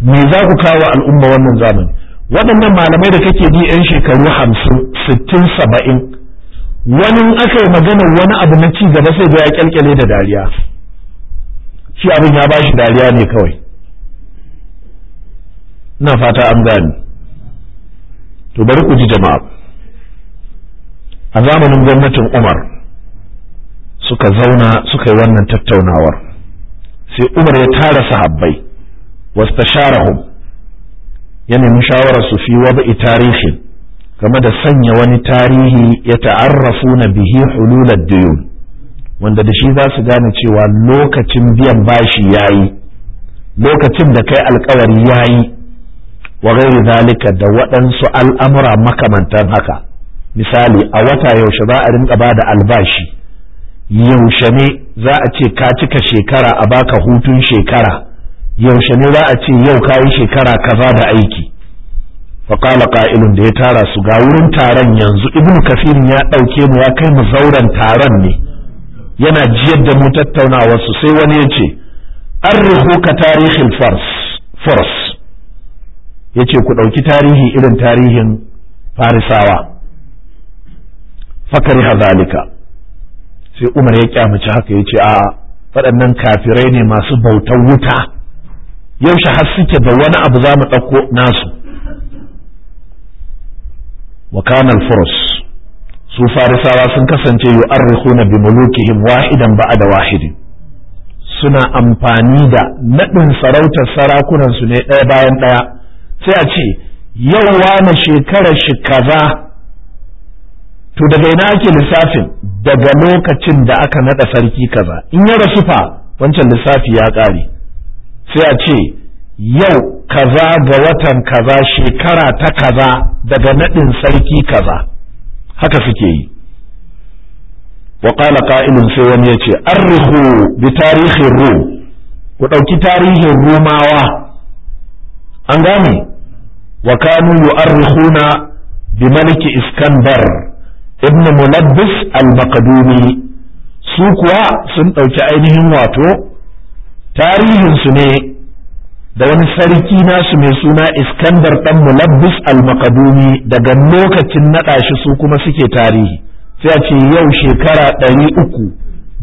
me za ku kawo al'umma wannan zamani waɗannan malamai da kake bi 'yan shekaru hamsin sittin saba'in wani aka yi magana wani abu na ci gaba sai ya kyalkyale da dariya shi abin ya bashi dariya ne kawai Ina fata an gani to bari ku ji jama'a a zamanin gwamnatin umar suka zauna suka yi wannan tattaunawar sai umar ya tara sahabbai wastasharahum ya nemi shawarar su fi wada'i tarihin game da sanya wani tarihi ya ta'arrafu na bihi hululad duyun wanda da shi za su gane cewa lokacin biyan bashi yayi lokacin da kai alkawari yayi wa gairi zalika da waɗansu al'amura makamantan haka misali a wata yaushe za a rinka ba da albashi yaushe ne za a ce ka cika shekara a baka hutun shekara yaushe ne za a ce yau ka yi shekara kaza da aiki faƙala ƙa'ilun da ya tara su ga wurin taron yanzu ibn kafirin ya ɗauke mu ya kai mu zauren taron ne yana jiyar da mu tattaunawa su sai wani ya ce an ka tarihin fars ya ce ku ɗauki tarihi irin tarihin farisawa fakari hazalika sai umar ya kyamaci haka ya ce a waɗannan kafirai ne masu bautar wuta yaushe har suke da wani abu za mu ɗauko nasu wa kanal furus su farisawa sun kasance yu'arrikhuna bi mulukihim wahidan da wahidi. suna amfani da naɗin sarautar sarakunansu ne ɗaya bayan ɗaya sai a ce yau wana shekarar shi kaza to daga ina ake lissafin daga lokacin da aka nada sarki kaza in ya rasu fa wancan lissafi ya ƙare sai a ce yau kaza ga watan kaza shekara ta kaza daga nadin sarki kaza haka suke yi wa qala qa'ilun sai wani yace ce bi tarihin rum ku dauki tarihin rumawa an gane wa kanu yu'arrihuna bi maliki iskandar ibn mulabbis al su kuwa sun ɗauki ainihin wato tarihinsu ne da wani sarki nasu mai suna iskandar ɗan mulabbis al-maqdumi daga lokacin naɗa shi su kuma suke tarihi sai a ce yau shekara ɗari uku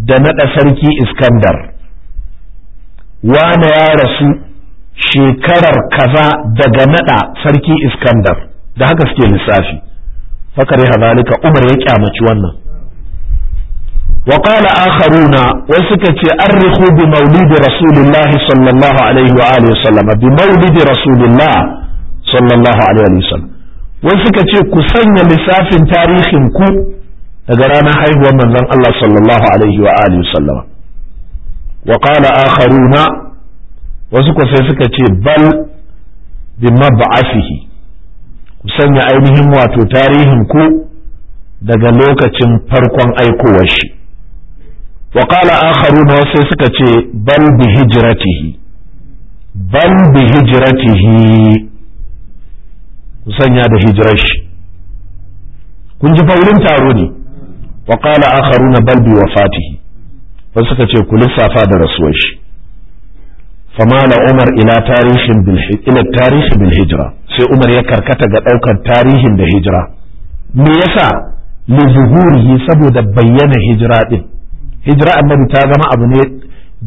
da naɗa sarki iskandar wane ya rasu shekarar kaza daga naɗa sarki iskandar da haka suke lissafi fakar ya zalika umar ya kyamaci wannan wa qala akharuna wa suka ce arrihu bi maulidi rasulillah sallallahu alaihi wa alihi wasallam bi maulidi rasulillah sallallahu alaihi wa wasallam wa suka ce ku sanya lissafin tarihin ku daga ranar haihuwar manzon Allah sallallahu alaihi wa alihi wasallam wa qala akharuna wasu ko sai suka ce bal bi mab'athihi sanya ainihin wato tarihin ku daga lokacin farkon aikowar shi wa akharu na wasu suka ce bal bi hijratihi bal bi hijratihi ku sanya da hijrar shi kun ji faurin taro ne wa qala na bal bi wafatihi wasu suka ce ku lissafa da rasuwar shi famala umar ila tarihin bil hijra sai umar ya karkata ga ɗaukar tarihin da hijira me yasa li zuhurihi saboda bayyana hijira din hijira annabi ta zama abu ne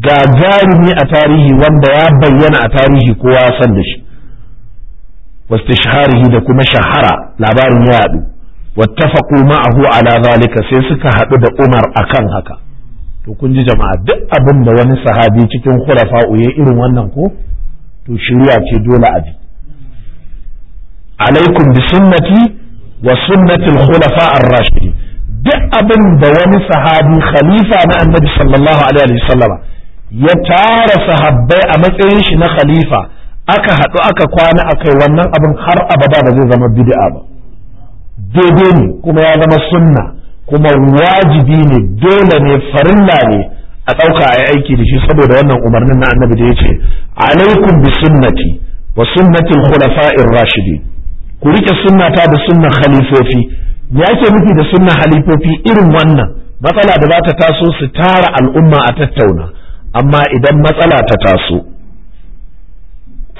gagarumi a tarihi wanda ya bayyana a tarihi kowa ya san da shi wastishharihi da kuma shahara labarin ya yadu wattafaqu ma'ahu ala zalika sai suka haɗu da Umar akan haka to kun ji jama'a duk abin da wani sahabi cikin khulafa ya irin wannan ko to shari'a ce dole a bi alaikum bi sunnati wa sunnatil khulafa ar-rashidin duk abin da wani sahabi khalifa na annabi sallallahu alaihi sallama ya tara sahabbai a matsayin shi na khalifa aka haɗu aka kwana akai wannan abin har abada ba zai zama bid'a ba daidai ne kuma ya zama sunna kuma wajibi ne dole ne farilla ne a ɗauka a yi aiki da shi saboda wannan umarnin na annabi da ya ce alaikum bi sunnati wa sunnati khulafa'ir rashidi ku rike sunnata da sunnan khalifofi ya ke nufi da sunnan khalifofi irin wannan matsala da za ta taso su tara al'umma a tattauna amma idan matsala ta taso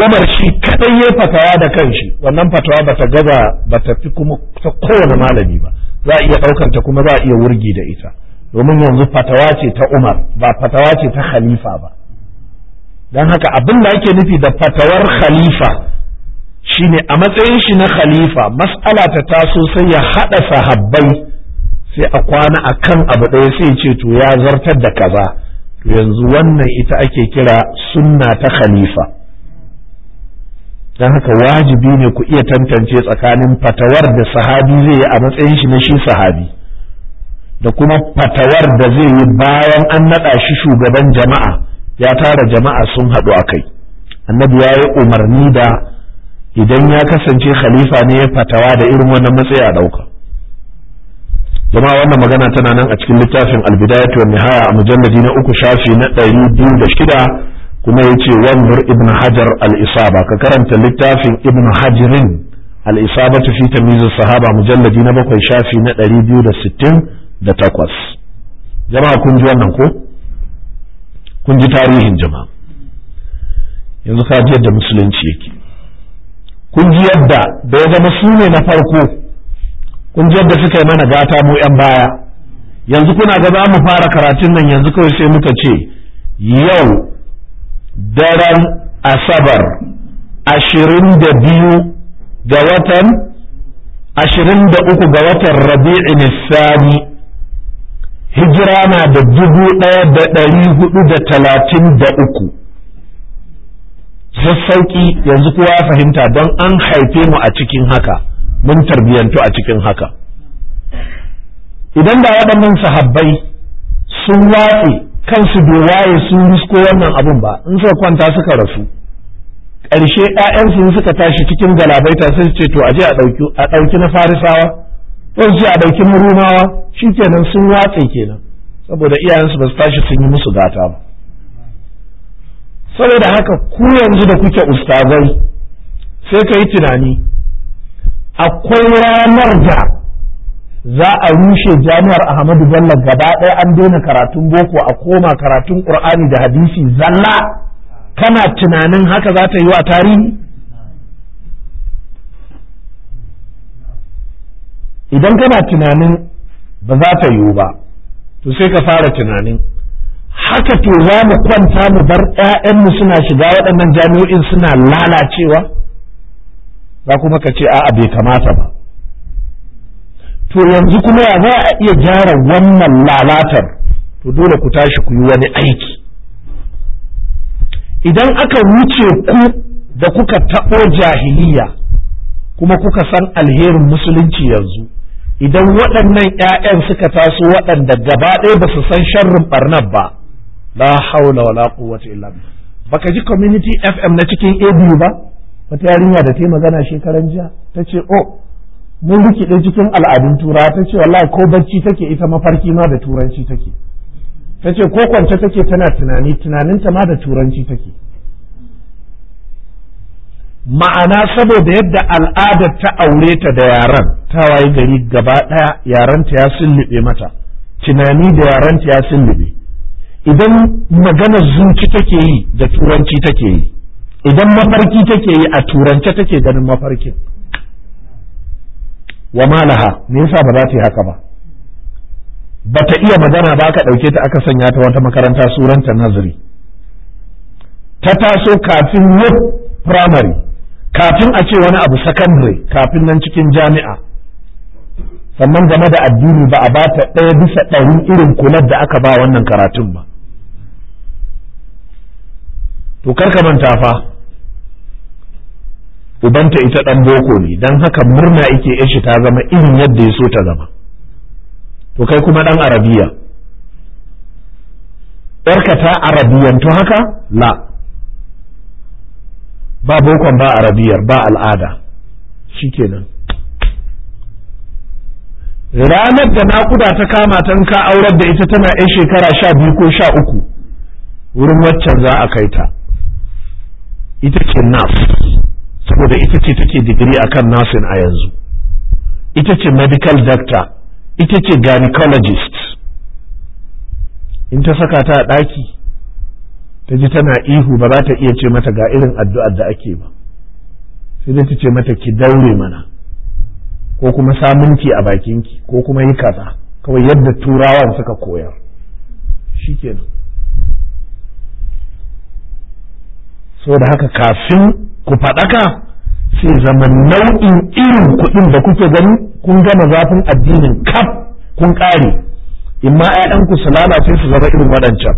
Umar shi kadai ya fatawa da kanshi wannan fatawa bata gaza ta fi kuma ta kowane malami ba za a iya ɗaukanta kuma za a iya wurgi da ita domin yanzu fatawa ce ta umar ba fatawa ce ta khalifa ba don haka abin da ake nufi da fatawar khalifa shine a matsayin shi na khalifa mas'ala ta taso sai ya haɗa sahabbai sai a kwana a kan abu ɗaya sai ce to ya zartar da kaza yanzu wannan ita ake kira sunna ta khalifa don haka wajibi ne ku iya tantance tsakanin fatawar da sahabi zai yi a matsayin shi na shi sahabi da kuma fatawar da zai yi bayan an naɗa shi shugaban jama'a ya tara jama'a sun haɗu a kai annabi ya yi umarni da idan ya kasance khalifa ne ya fatawa da irin wannan matsayi a ɗauka jama'a wannan magana tana nan a cikin littafin albidayatu wa nihaya a mujalladi na uku shafi na ɗari biyu da shida kuma ya ce wanzur ibn hajar al-isaba ka karanta littafin ibn hajirin al-isaba fi tamyiz sahaba mujalladi na bakwai shafi na ɗari biyu da sittin da takwas jama'a kun ji wannan ko kun ji tarihin jama'a yanzu ka ji yadda musulunci yake kun ji yadda da ya zama su ne na farko kun ji yadda suka yi mana gata mu 'yan baya yanzu kuna ga za mu fara karatun nan yanzu kawai sai muka ce yau daren asabar ashirin da biyu ga watan ashirin da uku ga watan rabi'in sani hijira na da dubu ɗaya da ɗari hudu da talatin da uku sassauƙi yanzu kowa ya fahimta don an haife mu a cikin haka mun tarbiyyantu a cikin haka idan da waɗannan sahabbai sun watse kansu bai waye su risko wannan abin ba in suka kwanta suka rasu ƙarshe ƴaƴansu suka tashi cikin galabaita sai su ce to aje a ɗauki a ɗauki na farisawa ko su a ɗauki na rumawa shikenan sun watse kenan saboda iyayensu ba su tashi sun yi musu gata ba saboda haka ku yanzu da kuke ustazai sai ka yi tunani akwai ranar da za a rushe jami'ar Ahmadu Bello gaba ɗaya an daina karatun boko a koma karatun Qur'ani da hadisi zalla kana tunanin haka za ta yi wa tarihi idan kana tunanin ba za ta yiwu ba to sai ka fara tunanin haka to za mu kwanta mu bar ‘ya'yanmu suna shiga waɗannan jami'o'in suna lalacewa za kuma ka ce a'a bai kamata ba to yanzu kuma ya za a iya gyara wannan lalatar to dole ku tashi ku yi wani aiki idan aka wuce ku da kuka taɓo jahiliya kuma kuka san alherin musulunci yanzu idan waɗannan 'ya'yan suka taso waɗanda gaba ɗaya ba su san sharrin ɓarnar ba la haula wala quwwata illa billah baka ji community fm na cikin abu ba wata yarinya da ta yi magana shekaran jiya ta ce oh mun rikide cikin al'adun tura ta ce wallahi ko bacci take ita mafarki ma da turanci take ta ce ko kwance take tana tunani tunaninta ma da turanci take ma'ana saboda yadda al'adar ta aure ta da yaran ta wayi gari gaba ɗaya yaranta ya sullube mata tunani da yaranta ya sullube idan magana zuci take yi da turanci take yi idan mafarki take yi a turance take ganin mafarkin wa malaha me yasa ba za ta yi haka ba Ba ta iya magana ba aka ɗauke ta aka sanya ta wata makaranta suranta nazari ta taso kafin yau primary kafin a ce wani abu secondary kafin nan cikin jami'a sannan game da addini ba a ba ta ɗaya bisa ɗari irin kular da aka ba wannan karatun ba to kar ka manta fa ubanta ita dan boko ne dan haka murna yake yashi ta zama irin yadda ya so ta zama to kai kuma dan arabiya yarka ta to haka la ba bokon ba arabiyar ba al'ada shikenan ranar da naƙuda ta kama ta ka aurar da ita tana 'yan shekara sha biyu ko sha uku wurin waccan za a kai ta ita ke saboda ita ce take digiri a kan nursing a yanzu ita ce medical doctor ita ce gynecologist in ta saka ta a ɗaki ta ji tana ihu ba za ta iya ce mata ga irin addu'ar da ake ba sai dai ta ce mata ki daure mana ko kuma samunki a bakinki ko kuma yi kaza kawai yadda turawan suka koyar kenan so da haka kafin ku faɗaka sai zama nau'in irin kuɗin da kuke gani kun gama zafin addinin kaf kun ƙare ma 'ya'yanku su lalace su zama irin waɗancan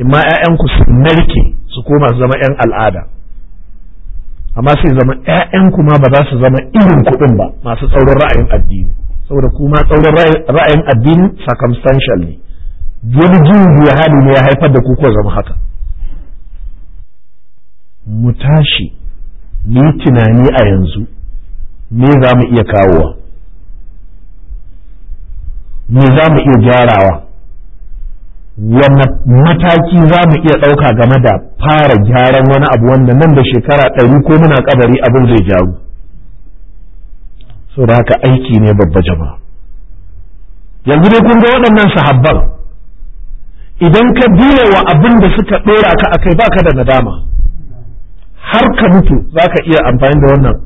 In ma 'ya'yanku su narke su koma su zama 'yan al'ada amma sai zama 'ya'yanku ma ba za su zama irin kuɗin ba masu tsaurin ra'ayin addini saboda kuma tsaurin ra'ayin addini circumstantial ne wani jin hali ne ya haifar da ku ko zama haka mu tashi mu tunani a yanzu me za mu iya kawowa me za mu iya gyarawa wani mataki za mu iya ɗauka game da fara gyaran wani abu wanda nan da shekara ɗari ko muna ƙabari abin zai jaru saboda haka aiki ne babba jama. yanzu dai kun ga waɗannan sahabban idan ka biya wa abin da suka ɗora ka akai baka da nadama har ka mutu za ka iya amfani da wannan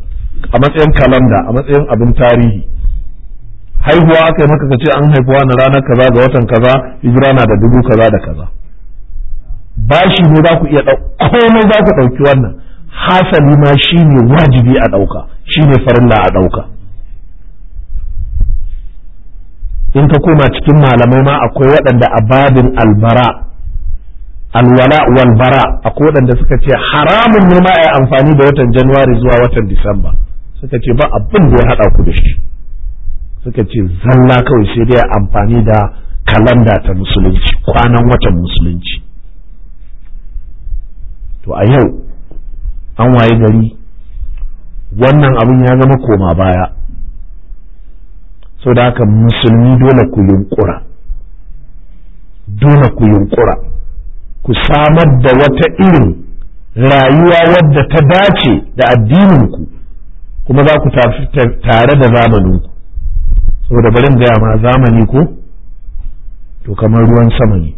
a matsayin kalanda a matsayin abin tarihi haihuwa aka yi maka ka ce an haifuwa na ranar kaza ga watan kaza hijira na da dubu kaza da kaza bashi ne za ku iya dauka komai za ku ɗauki wannan hasali ma shi ne wajibi a ɗauka shi ne farilla a ɗauka in ka koma cikin malamai ma akwai waɗanda a babin albara alwala wal bara akwai waɗanda suka ce haramun ne ma a amfani da watan januwari zuwa watan disamba suka ce ba abin da ya haɗa ku da shi suka ce zalla kawai sai dai amfani da kalanda ta musulunci kwanan watan musulunci to a yau an waye gari wannan abin ya zama koma baya sau da haka musulmi dole ku yunkura dole ku yunkura ku samar da wata irin rayuwa wadda ta dace da addininku kuma za ku tare da zamaninku saboda barin gaya ma zamani ko to kamar ruwan sama ne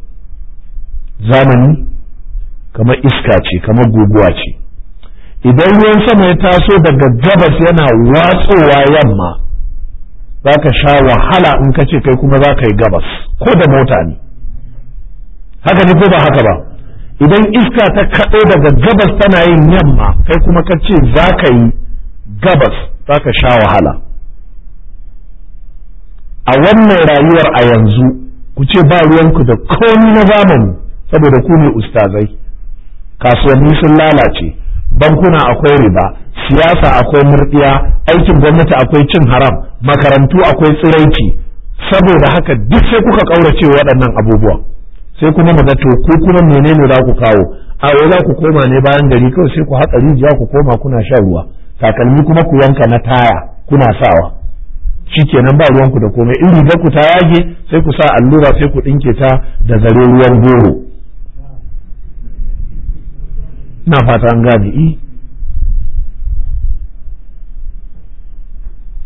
zamani kamar iska ce kamar guguwa ce idan ruwan sama ya taso daga gabas yana watsowa yamma za ka sha wahala in ka ce kai kuma za ka yi gabas ko da mota ne haka ne ko ba haka ba idan iska ta kaɗo daga gabas tana yin yamma kai kuma ka ce za ka yi gabas za ka sha wahala a wannan rayuwar a yanzu ku ce ba ruwanku da komi na zamani saboda ku ne ustazai kasuwanni sun lalace bankuna akwai riba siyasa akwai murɗiya aikin gwamnati akwai cin haram makarantu akwai tsiraici saboda haka duk sai kuka ƙaurace waɗannan abubuwan sai kuma mu ga to ku kuma menene za ku kawo a wai za ku koma ne bayan gari kawai sai ku haƙa rijiya ku koma kuna shan ruwa takalmi kuma ku yanka na taya kuna sawa shikenan ba ruwanku da komai in rigar ku ta yage sai ku sa allura sai ku ɗinke ta da zare ruwan goro na fata an gane i eh.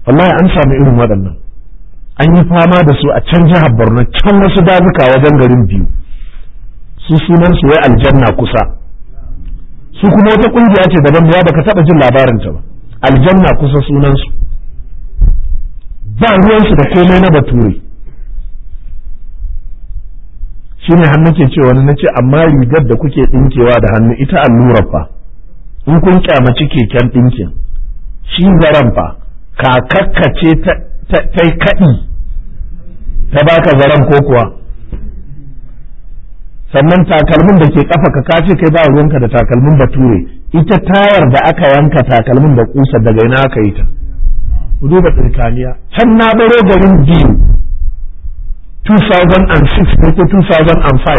wallahi an samu irin waɗannan an yi fama da su a can jihar borno can wasu dazuka wajen garin biyu su sunan su wai aljanna kusa su kuma wata kungiya ce daban ba baka taba jin labarin ta ba aljanna kusa sunan su ba ruwan su da komai na bature shine hannu ke cewa ne nace amma rigar da kuke dinkewa da hannu ita allurar fa in kun kyamaci keken dinkin shi zaran fa ka ce ta ta kaɗi ta baka zaren ko kuwa sannan takalmin da ke kafa ka kace kai ba ruwanka da takalmin bature ita tayar da aka yanka takalmin da kusa daga ina aka yi ta ku duba tsirkaniya can na baro garin biyu 2006 ne ko 2005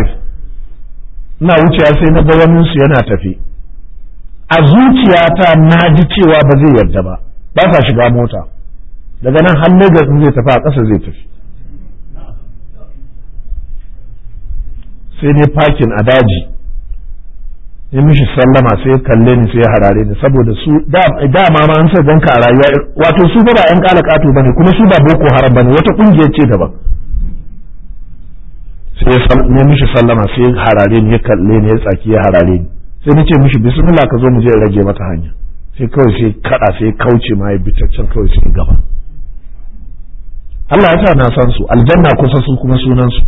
na wucewa sai na ga su yana tafi a zuciyata na ji cewa ba zai yarda ba ba sa shiga mota daga nan har Lagos zai tafi a ƙasa zai tafi sai ne fakin a daji ya mishi sallama sai kalle ni sai harare ni saboda su dama ma an sa ganka a rayuwa wato su ba yan kalakato bane kuma su ba boko haram bane wata kungiya ce gaba. sai ne mishi sallama sai harare ni ya kalle ni ya tsaki ya harare ni sai nace mishi bismillah ka zo mu je rage mata hanya sai kawai sai kada sai kauce ma ya bitaccen kawai sai gaba Allah ya sa na san su aljanna kusa su kuma sunan su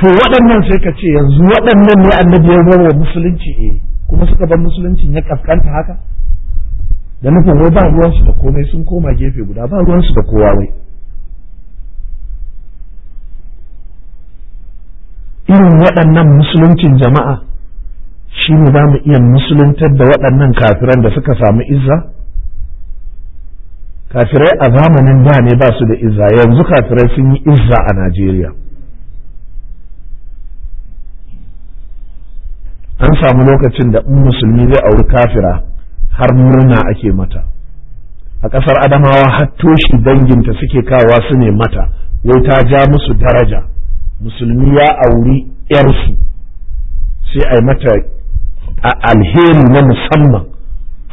to waɗannan sai ka ce yanzu waɗannan ne annabi ya zama musulunci eh kuma suka bar musuluncin ya kaskanta haka da nufin wai ba ruwansu da komai sun koma gefe guda ba ruwansu da kowa wai irin waɗannan musuluncin jama'a shi ne za mu iya musuluntar da waɗannan kafiran da suka samu izza kafirai a zamanin da ne ba su da izza yanzu kafirai sun yi izza a najeriya an samu lokacin da in musulmi zai auri kafira har murna ake mata a ƙasar adamawa har toshi danginta suke kawa su ne mata wai ta ja musu daraja musulmi ya auri yarsu sai a mata a alheri na musamman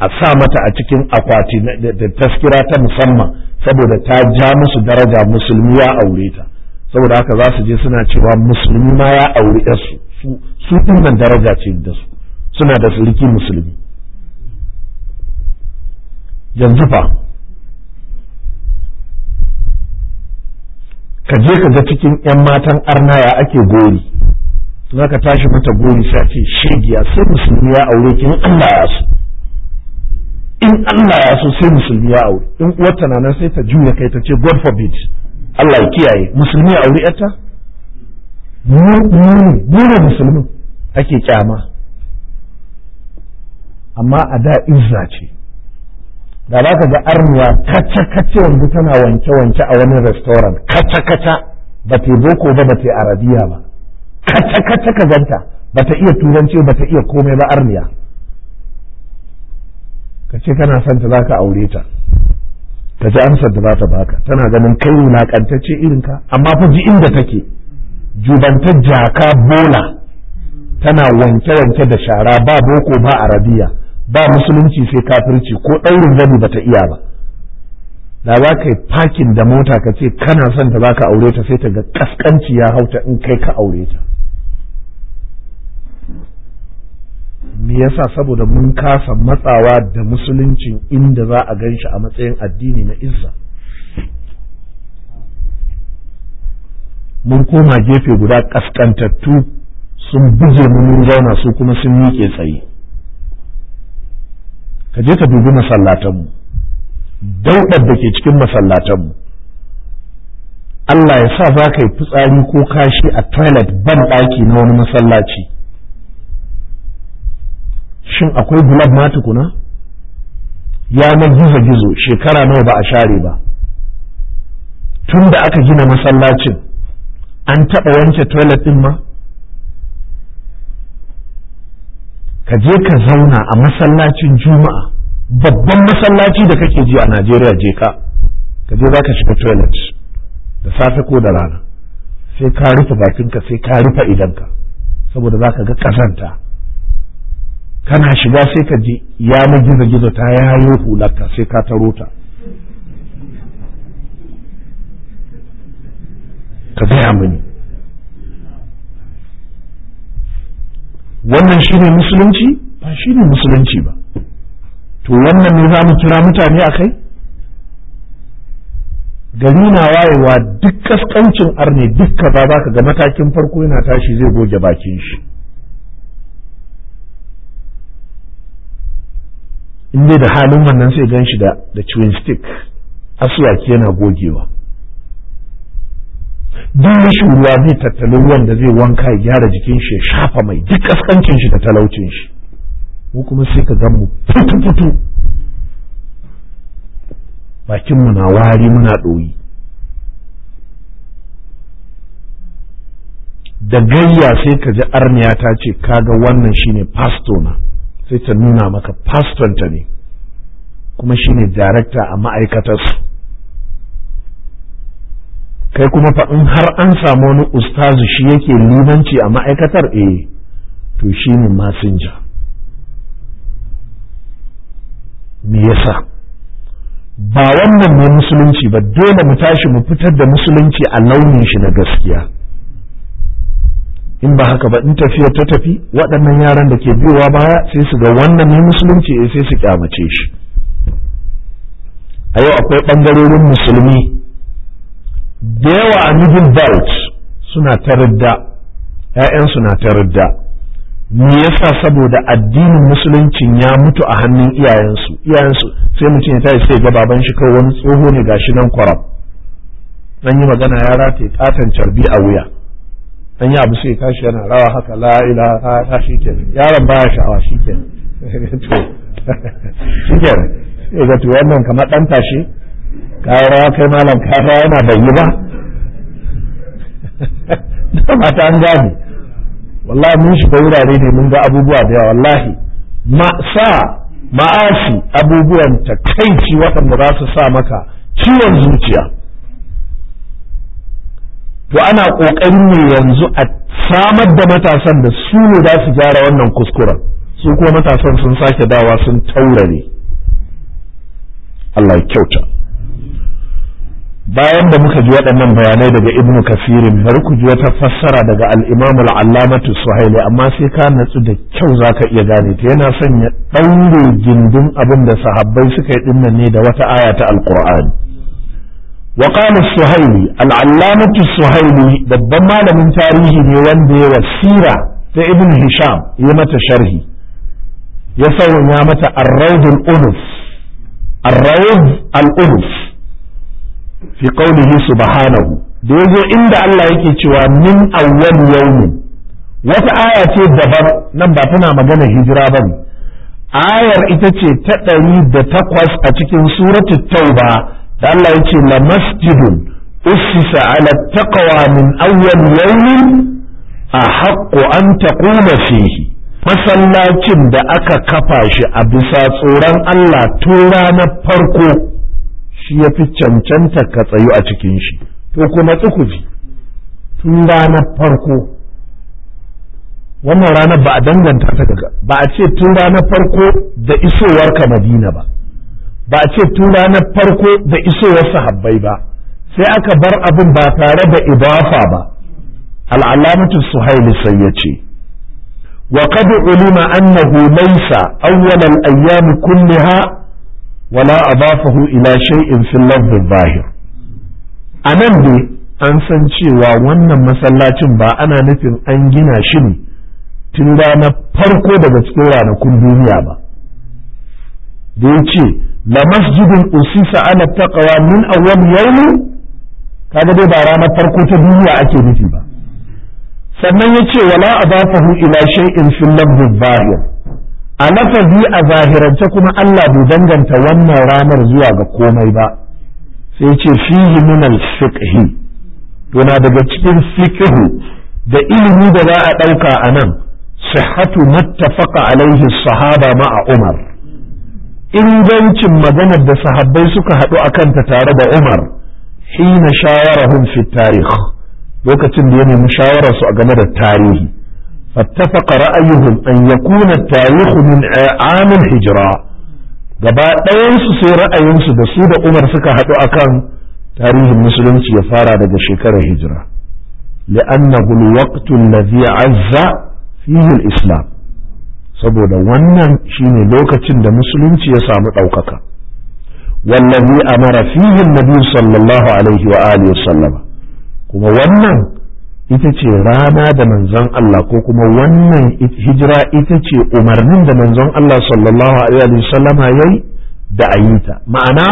a sa mata a cikin akwati da taskira ta musamman saboda ta ja musu daraja musulmi ya aure ta saboda haka za su je suna cewa musulmi ma ya auri yarsu su su ɗinnan daraja ce da su suna da sulki musulmi yanzu fa ka je ka ga cikin 'yan matan arnaya ake gori za ka tashi mata gori sai ce shegiya sai musulmi ya aure ki in Allah ya so in Allah ya so sai musulmi ya aure in uwarta na nan sai ta juya kai ta ce god forbid Allah ya kiyaye musulmi ya aure yarta mu ne musulmin ake kyama amma a da izza ce da za ka ga arnuwa kaca-kaca yanzu tana wanke-wanke a wani restaurant kaca-kaca ba ta boko ba ba ta arabiya ba kaca-kaca ka ganta ba ta iya turanci ba ta iya komai ba arniya ka ce kana son ta za ka aure ta ka ji amsar da za ta baka tana ganin kai wulaƙantacce irinka amma fa ji inda take jubantar jaka bola tana wanke-wanke da shara ba boko ba arabiya ba musulunci sai kafirci ko ɗaurin ba bata iya ba da za ka yi fakin da mota ka ce kana son ta za ka aure ta sai ta ga kaskanci ya hauta in kai ka aure ta me yasa saboda mun kasa matsawa da musuluncin inda za a gan shi a matsayin addini na izza mun koma gefe guda kaskantattu sun buge mu mun zauna su kuma sun miƙe tsaye ka je ka dubi masallatanmu dauɗar da ke cikin masallatanmu Allah ya sa za ka yi fitsari ko kashi a toilet ban ɗaki na wani masallaci shin akwai gulab ma tukuna yanar gizo-gizo shekara nawa ba a share ba tun da aka gina masallacin an taɓa wanke toilet ɗin ma ka je ka zauna a masallacin juma'a babban masallaci da kake ji a najeriya je ka ka je za ka shiga toilet da safe ko da rana sai ka rufe bakinka sai ka rufe idanka saboda za ka ga kazanta kana shiga sai ka ji ya gizo gizo ta yayo hularka sai ka taro ta ka gaya mani wannan shine musulunci ba shine musulunci ba to wannan ne za mu kira mutane a kai gari na wayewa duk kaskancin arne duk kaza za ka ga matakin farko yana tashi zai goge bakin shi in dai da halin wannan sai gan shi da chewing stick asuwaki yana gogewa duk rashin ruwa zai tattalin ruwan da zai wanka ya gyara jikin shi ya shafa mai duk kaskancin shi da talaucin shi mu kuma sai ka gan mu fito-fito. bakin mu na wari muna ɗoyi da gayya sai ka ji arniya ta ce kaga wannan shine pastor na sai ta nuna maka pastor ta ne kuma shine darakta a ma'aikatar su. kai kuma fa in har an samu wani ustazu shi yake limanci a ma'aikatar eh to shi ne masinja me yasa ba wannan ne musulunci ba dole mu tashi mu fitar da musulunci a launin shi na gaskiya in ba haka ba in tafiya ta tafi waɗannan yaran da ke biyowa baya sai su ga wannan ne musulunci eh, sai su kyamace shi a yau akwai ɓangarorin musulmi da yawa a middle belt suna ta ridda ‘ya'yansu na ta ridda me yasa saboda addinin musuluncin ya mutu a hannun iyayensu iyayensu sai mutum ya tashi sai ga baban shi kawai wani tsoho ne gashi nan kwarab an yi magana ya rataye katon carbi a wuya an yi abu sai tashi yana rawa haka la ilaha shi kenan yaron baya sha'awa shi kenan shi kenan sai ga to wannan kamar dan tashi kayan ya kai malam kayan yana da yi ba da mata an gane wallahi mun shiga wurare ne mun ga abubuwa da yawa wallahi ma sa ma'ashi abubuwan takaici waɗanda za su sa maka ciwon zuciya to ana ƙoƙarin ne yanzu a samar da matasan da su ne za su gyara wannan kuskuren su kuma matasan sun sake dawa sun taurare Allah ya kyauta bayan da muka ji waɗannan bayanai daga ibnu kafirin bari ku ji wata fassara daga al-imam al-allamatu suhaili amma sai ka natsu da kyau zaka iya gane ta yana son ya daure gindin abin da sahabbai suka yi dinnan ne da wata aya ta al-qur'ani wa qala suhaili al-allamatu suhaili babban malamin tarihi ne wanda ya wasira ta ibnu hisham ya mata sharhi ya sauya mata ar-rawd al-unuf ar-rawd al-unuf fi qawlihi subhanahu da yazo inda Allah yake cewa min awwal yawmin wata aya ce daban nan ba tana magana hijira ba ayar ita ce ta ɗari da takwas a cikin suratul tauba da Allah yake ce la masjidun ussisa ala taqwa min awwal A ahaqqu an taquma fihi masallacin da aka kafa shi a bisa tsoron Allah tun ranar farko shi ya fi cancanta ka tsayu a cikin shi to kuma tsukufi tun ranar farko wannan ranar ba a danganta ta ga ba a ce tun ranar farko da isowar ka madina ba ba a ce tun ranar farko da isowar sahabbai ba sai aka bar abin ba tare da idafa ba al'alamatu suhaili sai ya ce وقد علم أنه ليس أول الأيام كلها wala adafahu ila shay'in fil lafdh zahir anan dai an san cewa wannan masallacin ba ana nufin an gina shi ne tun ranar farko daga cikin ranakun duniya ba da ya ce la masjidin usisa ala taqwa min awwal yawmi kaga dai ba ranar farko ta duniya ake nufi ba sannan ya ce wala adafahu ila shay'in fil lafdh zahir a lafazi a zahirance kuma Allah bai danganta wannan ranar zuwa ga komai ba sai ce fihi min al-fiqhi to na daga cikin fiqhu da ilimi da za a dauka anan sihhatu mattafaqa alaihi sahaba ma'a Umar ingancin maganar da sahabbai suka haɗu a kanta tare da Umar hina shawarahum fi tarikh lokacin da ya nemi shawararsu a game da tarihi فاتفق رأيهم أن يكون التاريخ من عام الهجرة gaba ɗayansu sai ra'ayinsu da su da umar suka haɗu a kan tarihin musulunci ya fara daga shekarar hijira li'annahu na alladhi azza fihi islam. saboda wannan shine lokacin da musulunci ya samu ɗaukaka wallazi amara fihi annabi sallallahu alaihi wa alihi kuma wannan ita ce rana da manzon Allah ko kuma wannan hijira ita ce umarnin da manzon Allah sallallahu alaihi wasallam yayi da ayyuta. ma'ana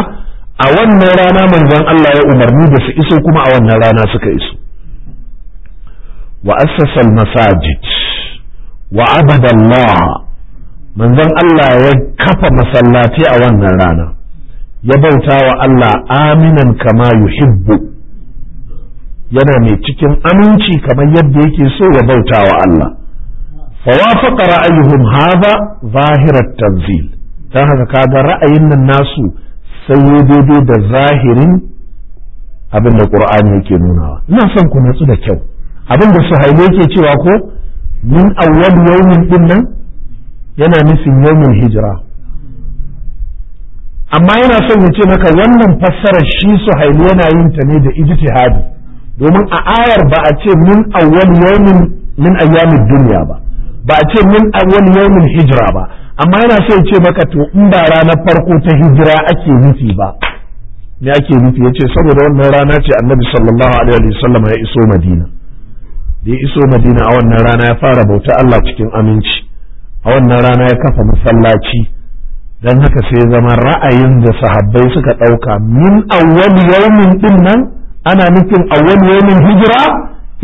a wannan rana manzon Allah ya umarni da su iso kuma a wannan rana suka iso wa assasa masajid wa abada Allah manzon Allah ya kafa masallaci a wannan rana ya bauta wa Allah aminan kama yuhibbu yana mai cikin aminci kamar yadda yake so ya bauta wa Allah fawafaqa ra'ayuhum hadha zahirat tanzil dan haka ga ra'ayin nan nasu sai daidai da zahirin abin da Qur'ani yake nunawa ina son ku natsu da kyau abin da Suhaili yake cewa ko min awwal yawmin ɗin nan yana nufin yawmin hijira amma yana son ya ce maka wannan fassarar shi Suhaili yana yin ta ne da ijtihadi domin a ayar ba a ce min awwal yawmin min duniya ba ba a ce min awwal yawmin hijira ba amma yana so ce maka to in ba ranar farko ta hijira ake nufi ba me ake nufi yace saboda wannan rana ce annabi sallallahu alaihi wa sallam ya iso madina da ya iso madina a wannan rana ya fara bauta Allah cikin aminci a wannan rana ya kafa masallaci dan haka sai zama ra'ayin da sahabbai suka ɗauka min awwal yawmin din nan ana nufin awwal yawmin hijira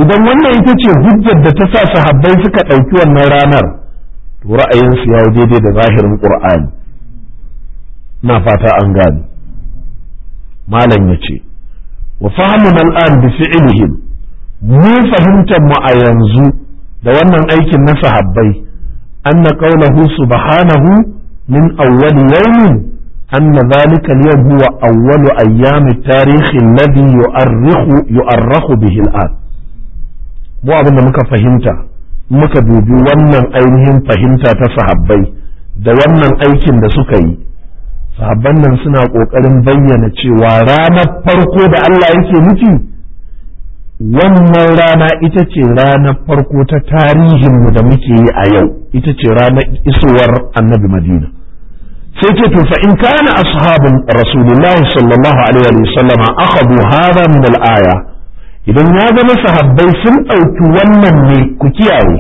idan wannan ita ce hujjar da ta sa sahabbai suka ɗauki wannan ranar to ra'ayinsu ya yi daidai da zahirin qur'ani na fata an gane malam ya ce wa fahmun al'an bi fi'lihim mu fahimtar mu a yanzu da wannan aikin na sahabbai an anna qawluhu subhanahu min awwal yawmin أن ذلك اليوم هو أول أيام التاريخ الذي يؤرخ يؤرخ به الآن mu abin da muka fahimta muka dubi wannan ainihin fahimta ta sahabbai da wannan aikin da suka yi sahabban nan suna ƙoƙarin bayyana cewa ranar farko da Allah yake nufi wannan rana ita ce ranar farko ta tarihinmu da muke yi a yau ita ce ranar isowar annabi madina sai ce to fa in kana ashabun rasulullahi sallallahu alaihi wa sallama akhadhu hadha min al-aya idan ya zama sahabbai sun ɗauki wannan ne ku kiyaye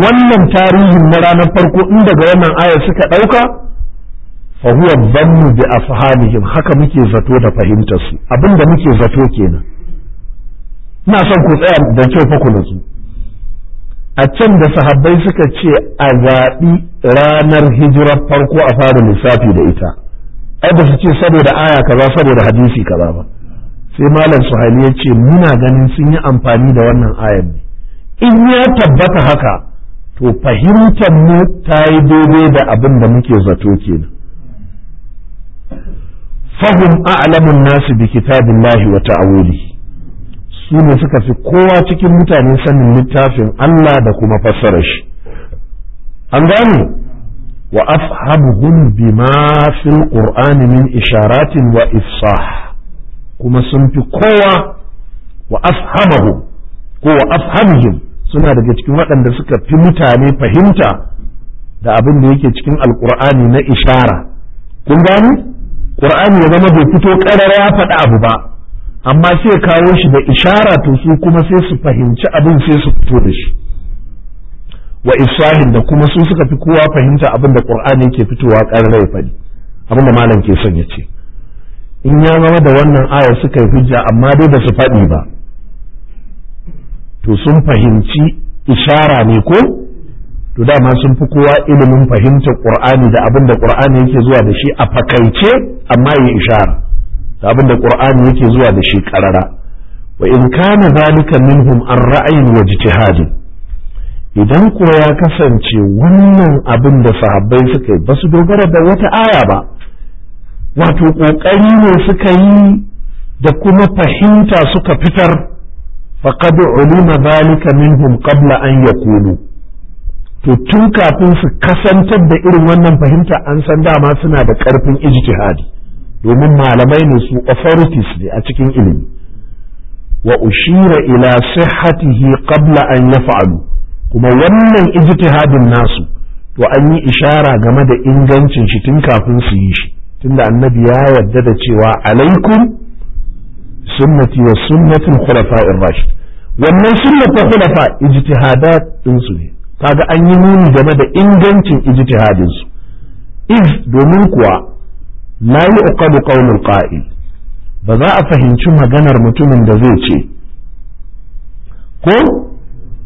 wannan tarihin na ranar farko in daga wannan aya suka ɗauka fa huwa dhannu bi ashabihim haka muke zato da fahimtar su abinda muke zato kenan ina son ku tsaya da kyau fa ku nutsu a can da sahabbai suka ce a zaɓi ranar hijirar farko a fara lissafi da ita ai ba su ce saboda aya kaza saboda hadisi kaza ba sai malam suhaili ya ce muna ganin sun yi amfani da wannan ayan ne in ya tabbata haka to fahimtar mu ta yi daidai da abin da muke zato kenan fahim a'lamun nasu bi kitabillahi wa ta'awulihi su ne suka fi kowa cikin mutane sanin littafin Allah da kuma fassarar shi an gane wa afhamuhum bima fil qur'ani min isharatin wa ifsah kuma sun fi kowa wa afhamahum ko wa afhamihim suna daga cikin waɗanda suka fi mutane fahimta da abin da yake cikin alqur'ani na ishara kun gani? qur'ani ya zama bai fito ƙarara ya faɗi abu ba amma sai kawo shi da ishara to su kuma sai su fahimci abin sai su fito da shi wa ifsahin da kuma su suka fi kowa fahimta abin da qur'ani ke fitowa rai fadi abin da malam ke son ya ce in ya zama da wannan ayar suka yi hujja amma dai ba su faɗi ba to sun fahimci ishara ne ko to dama sun fi kowa ilimin fahimtar qur'ani da abin da qur'ani yake zuwa da shi a fakaice amma yi ishara abin da qur'ani yake zuwa da shi ƙarara, wa in kana zalika minhum an ra'ayin wa ijtihadin idan kuwa ya kasance wannan abin da sahabbai suka yi ba su dogara da wata aya ba wato kokari ne suka yi da kuma fahimta suka fitar faqad ulima zalika minhum qabla an yakulu to tun kafin su kasantar da irin wannan fahimta an san dama suna da karfin ijtihadi domin malamai ne su authorities ne a cikin ilimi wa ushira ila sihhatihi qabla an yaf'alu kuma wannan ijtihadin nasu to an yi ishara game da ingancin shi tun kafin su yi shi tunda annabi ya yarda da cewa alaikum sunnati wa sunnatul khulafa'ir rashid wannan sunnar ta khulafa ijtihadat din su ne kaga an yi nuni game da ingancin ijtihadin su iz domin kuwa la yuqadu qawlul qa'il ba za a fahimci maganar mutumin da zai ce ko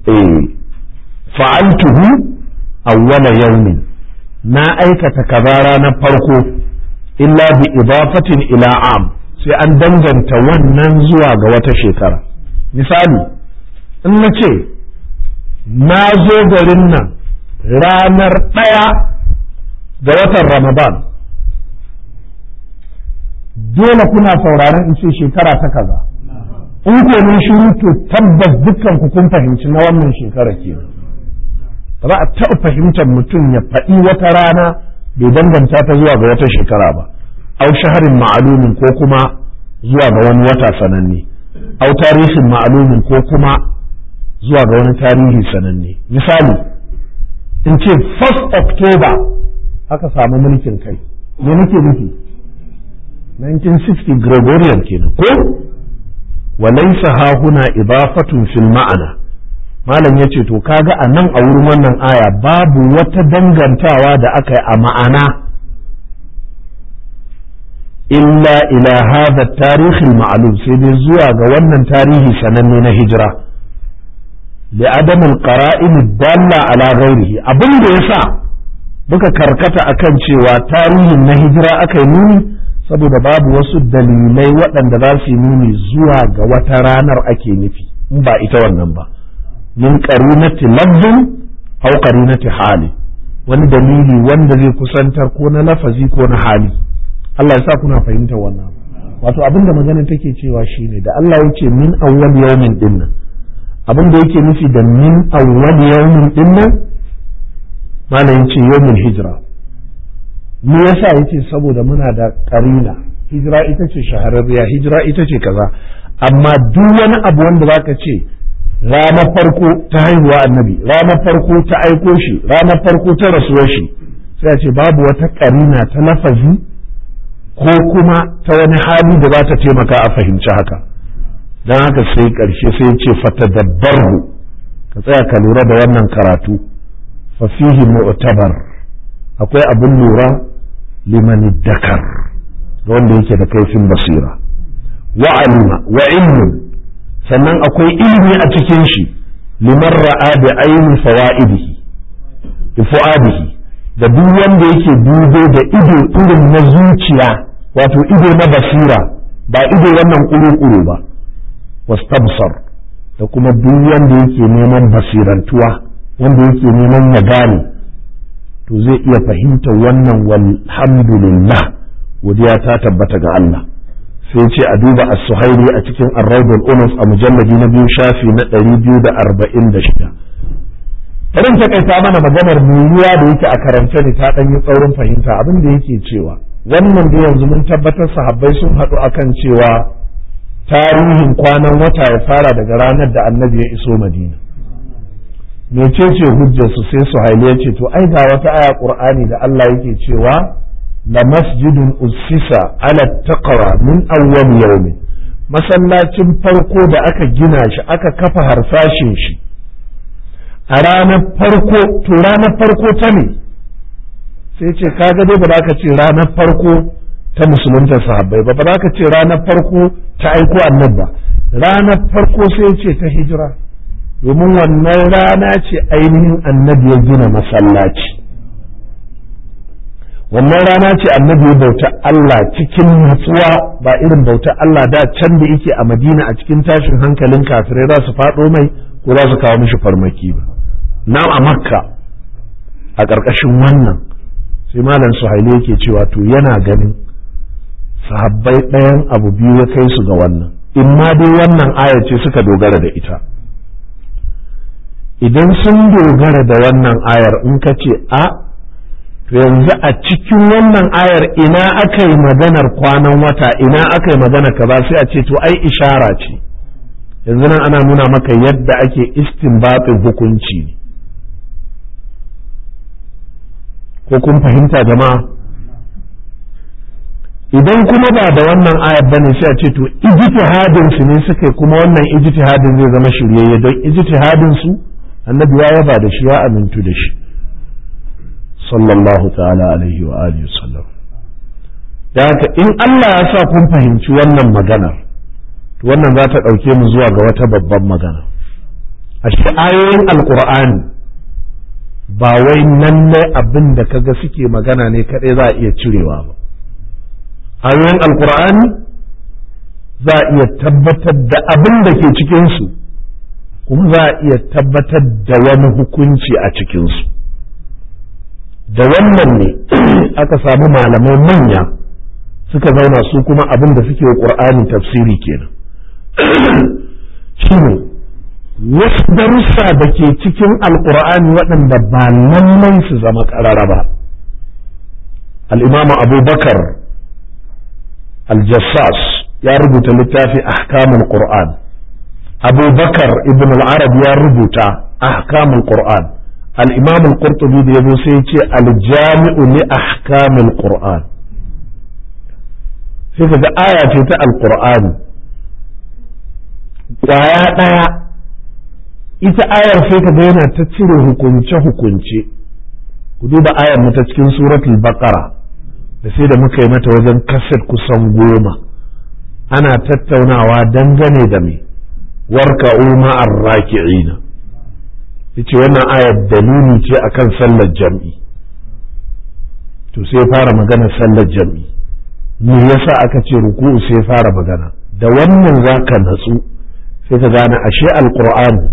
eh fa'altuhu awwala yawmin na aikata kazara na farko illa bi idafatin ila am sai an danganta wannan zuwa ga wata shekara misali in na ce na zo garin nan ranar ɗaya ga watan ramadan dole kuna sauraron in ce shekara ta kaza in ko mun shiru to tabbas dukkan ku kun fahimci na wannan shekara ke za a taɓa fahimtar mutum ya faɗi wata rana bai danganta ta zuwa ga wata shekara ba au shaharin ma'alumin ko kuma zuwa ga wani wata sananne au tarihin ma'alumin ko kuma zuwa ga wani tarihi sananne misali in ce 1 october aka samu mulkin kai me nake nufi 1960 gregorian kenan ko walaisa ha huna idafatun fil ma'ana malam ya ce to kaga a nan a wurin wannan aya babu wata dangantawa da aka yi a ma'ana illa ila hadha tarihin ma'lum sai dai zuwa ga wannan tarihi sananne na hijira li adam al qara'in dalla ala ghairihi abin da yasa muka karkata akan cewa tarihin na hijira aka yi nuni saboda babu wasu dalilai waɗanda za su nuni zuwa ga wata ranar ake nufi in ba ita wannan ba min qarunati lafzin aw qarunati hali wani dalili wanda zai kusantar ko na lafazi ko na hali Allah ya sa kuna fahimtar wannan wato abinda magana take cewa shine da Allah ya ce min awwal yawmin dinnan abinda yake nufi da min awwal yawmin dinnan malamin ce yawmin hijira me yasa yace saboda muna da ƙarina, hijira ita ce shahararriya hijira ita ce kaza amma duk wani abu wanda zaka ce ranar farko ta haihuwa annabi ranar farko ta aiko shi ranar farko ta rasuwar shi sai a ce babu wata ƙarina ta lafazi ko kuma ta wani hali da za ta taimaka a fahimci haka don haka sai ƙarshe sai ce mu ka tsaya ka lura da wannan karatu fasihin mu'otabar. akwai abin lura liman dakar wanda yake da kaifin basira wa alima wa sannan akwai ilimi a cikin shi liman ra'a da aini fawaidihi fuadihi da duk wanda yake dubo da ido irin na zuciya wato ido na basira ba ido wannan kuru-kuru ba wastabsar da kuma duk wanda yake neman basirantuwa wanda yake neman magani. to zai iya fahimta wannan walhamdulillah godiya ta tabbata ga Allah sai ce a duba as-suhaili a cikin ar unus a mujalladi na biyu shafi na 246 irin ta kaita mana maganar muriya da yake a karance ne ta ɗanyi yi tsaurin fahimta abin da yake cewa wannan da yanzu mun tabbatar sahabbai sun haɗu akan cewa tarihin kwanan wata ya fara daga ranar da annabi ya iso madina mecece hujjar su sai su haile ce to ai ga wata aya qur'ani da Allah yake cewa la masjidun ussisa ala taqwa min awwal yawm masallacin farko da aka gina shi aka kafa harsashin shi a ranar farko to ranar farko ta ne sai ce kaga dai ba za ka ce ranar farko ta musulunta sahabbai ba ba za ka ce ranar farko ta aiko annabba ranar farko sai ce ta hijira domin wannan rana ce ainihin annabi ya gina masallaci wannan rana ce annabi ya bauta Allah cikin nutsuwa ba irin bauta Allah da can da yake a Madina a cikin tashin hankalin kafirai za su faɗo mai ko za su kawo mishi farmaki ba na a Makka a ƙarƙashin wannan sai malam Suhaili yake cewa to yana ganin sahabbai ɗayan abu biyu ya kai su ga wannan in ma dai wannan aya ce suka dogara da ita idan sun dogara da wannan ayar in ka ce a yanzu a cikin wannan ayar ina aka yi maganar kwanan wata ina aka yi magana ka ba sai a ce to ai ishara ce yanzu nan ana nuna maka yadda ake istinbatin hukunci ko kun fahimta jama'a idan kuma ba da wannan ayar bane sai a ce to ijtihadin su ne suke kuma wannan ijtihadin zai zama shiryayye don ijtihadin su annabi ya yaba da shi ya amintu da shi sallallahu ta'ala alaihi wa alihi sallam da haka in Allah ya sa kun fahimci wannan magana wannan za ta ɗauke mu zuwa ga wata babban magana a cikin ayoyin alkur'ani ba wai nan ne abin da kaga suke magana ne kaɗai za a iya cirewa ba ayoyin alkur'ani za a iya tabbatar da abin da ke cikinsu kuma za a iya tabbatar da wani hukunci a cikinsu da wannan ne aka samu malamai manya suka zauna su kuma abin da suke wa ƙur'ani tafsiri kenan shine wasu darussa da ke cikin alƙur'ani waɗanda ba lallai su zama ƙarara ba al'imamu abubakar al-jassas ya rubuta littafi ahkamul qur'an abubakar ibn al-arab ya rubuta ahkamul qur'an al-imam al-qurtubi da sai ce al-jami'u li ahkamil qur'an sai kaga aya ce ta al-qur'ani kwaya daya ita ayar sai kaga yana ta cire hukunce hukunce ku duba ayar mu ta cikin suratul baqara da sai da muka yi mata wajen kaset kusan goma ana tattaunawa dangane da me warka'u ma'ar raki'ina yace wannan ayar dalili ce akan sallar jam'i to sai fara magana sallar jam'i me yasa aka ce ruku'u sai fara magana da wannan zaka natsu sai ka gane ashe alqur'ani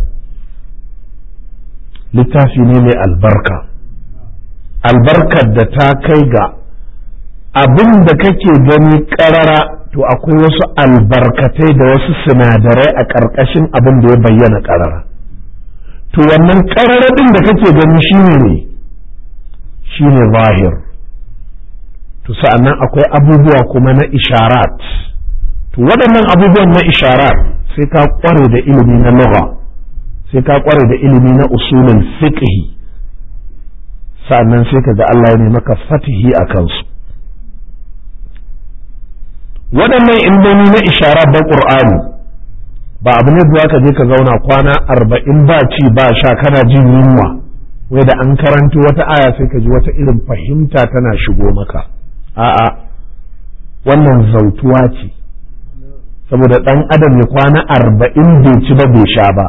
littafi ne mai albarka albarkar da ta kai ga abin da kake gani karara to akwai wasu albarkatai da wasu sinadarai a ƙarƙashin abin da ya bayyana ƙarara to wannan ƙararraɗin da kake gani shi ne shi ne zahir to sa'annan akwai abubuwa kuma na isharat to waɗannan abubuwan na isharat sai ka ƙware da ilimi na lugha sai ka ƙware da ilimi na usulin fiqh sa'annan sai ka ga Allah ya maka fatihi a kansu waɗannan indomi na ishara ban ƙur'ani ba abu ne zuwa ka je ka zauna kwana arba'in ba ci ba sha kana jin yunwa wai da an karanta wata aya sai ka ji wata irin fahimta tana shigo maka a'a wannan zautuwa ce saboda ɗan adam ya kwana arba'in bai ci ba bai sha ba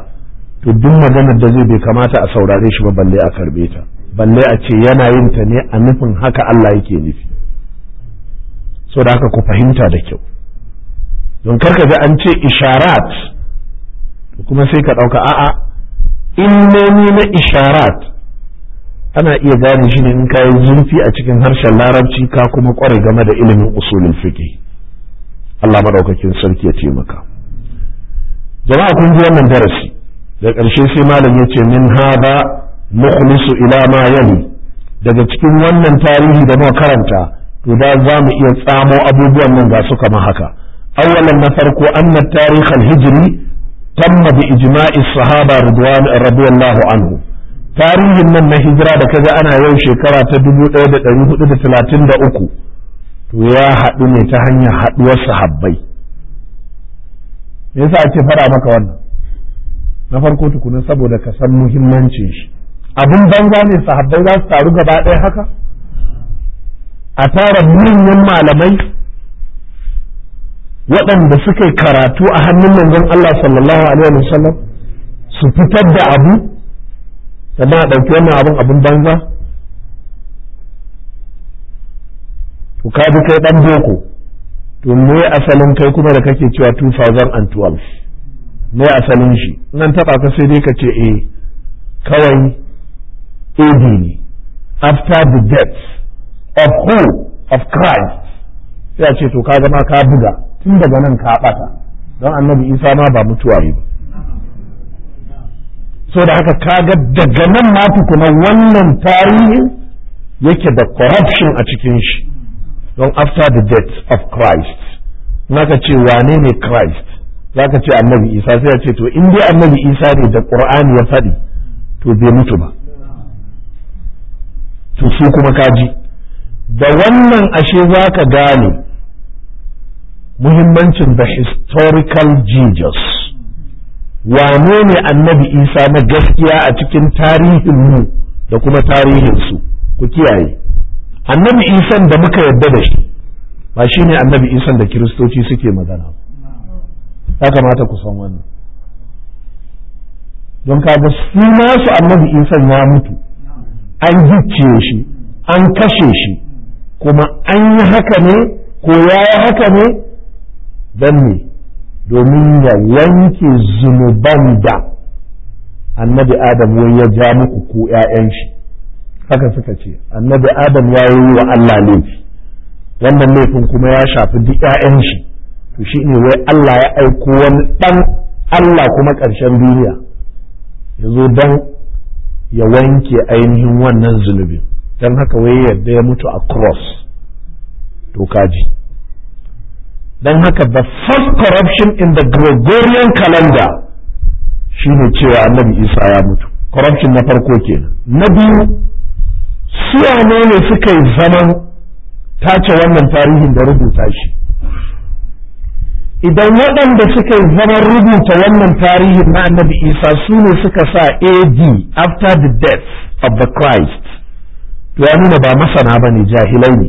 to duk maganar da zai bai kamata a saurare shi ba balle a karbe ta balle a ce yana yin ta ne a nufin haka Allah yake nufi so da haka ku fahimta da kyau don karka ga an ce isharat kuma sai ka ɗauka a'a ni na isharat ana iya gane shi ne in ka yi zurfi a cikin harshen larabci ka kuma kware game da ilimin usulin fiqh Allah madaukakin sarki ya taimaka jama'a kun ji wannan darasi da ƙarshe sai malam ya ce min hada mukhlisu ila ma yali daga cikin wannan tarihi da muka karanta to da za mu iya tsamo abubuwan nan ga su kamar haka awwalan na farko anna tarikh al-hijri tamma bi ijma'i sahaba ridwan radiyallahu anhu tarihin nan na hijira da kaga ana yau shekara ta 1433 to ya haɗu ne ta hanyar haɗuwar sahabbai me yasa ake fara maka wannan na farko tukuna saboda ka san muhimmancin shi abin banza ne sahabbai za su taru gaba ɗaya haka a tara manyan malamai waɗanda suka yi karatu a hannun manzon Allah sallallahu alaihi sallam su fitar da abu da a ɗauki wannan abin abin banza to ka bi kai ɗan boko to me asalin kai kuma da kake cewa 2012 me asalin shi nan taɓa ka sai dai ka ce eh kawai AD ne after the death of who of Christ ya ce to ka zama ka buga tun daga nan ka bata don annabi Isa ma ba mutuwa ne ba so da haka kaga daga nan ma kuma wannan tarihi yake da corruption a cikin shi don after the death of Christ naka ce wane ne Christ zaka ce annabi Isa sai ya ce to in dai annabi Isa ne da Qur'ani ya faɗi to bai mutu ba to su kuma kaji da wannan ashe za ka gane muhimmancin the historical jesus wane ne annabi isa na gaskiya a cikin tarihinmu da kuma tarihinsu ku kiyaye annabi Isa da muka yarda da shi ba shi ne annabi isan da kiristoci suke magana ya kamata ku san wannan don kaga su masu annabi isan ya mutu an gicciye shi an kashe shi kuma an yi haka ne ko ya yi haka ne don ne domin ya yanke zunuban da annabi adam wai ya ja muku ko 'ya'yan shi haka suka ce annabi adam ya yi wa Allah laifi wannan laifin kuma ya shafi duk 'ya'yan shi to shi ne wai Allah ya aiko wani ɗan Allah kuma ƙarshen duniya ya zo don ya wanke ainihin wannan zunubin don haka wai yadda ya mutu a cross to kaji don haka the first corruption in the Gregorian calendar shine cewa annabi Isa ya mutu corruption na farko kenan na biyu suwane ne suka yi zaman tace wannan tarihin da rubuta shi idan waɗanda suka yi zaman rubuta wannan tarihin na annabi Isa su ne suka sa AD after the death of the Christ to ya nuna ba masana ba ne jahilai ne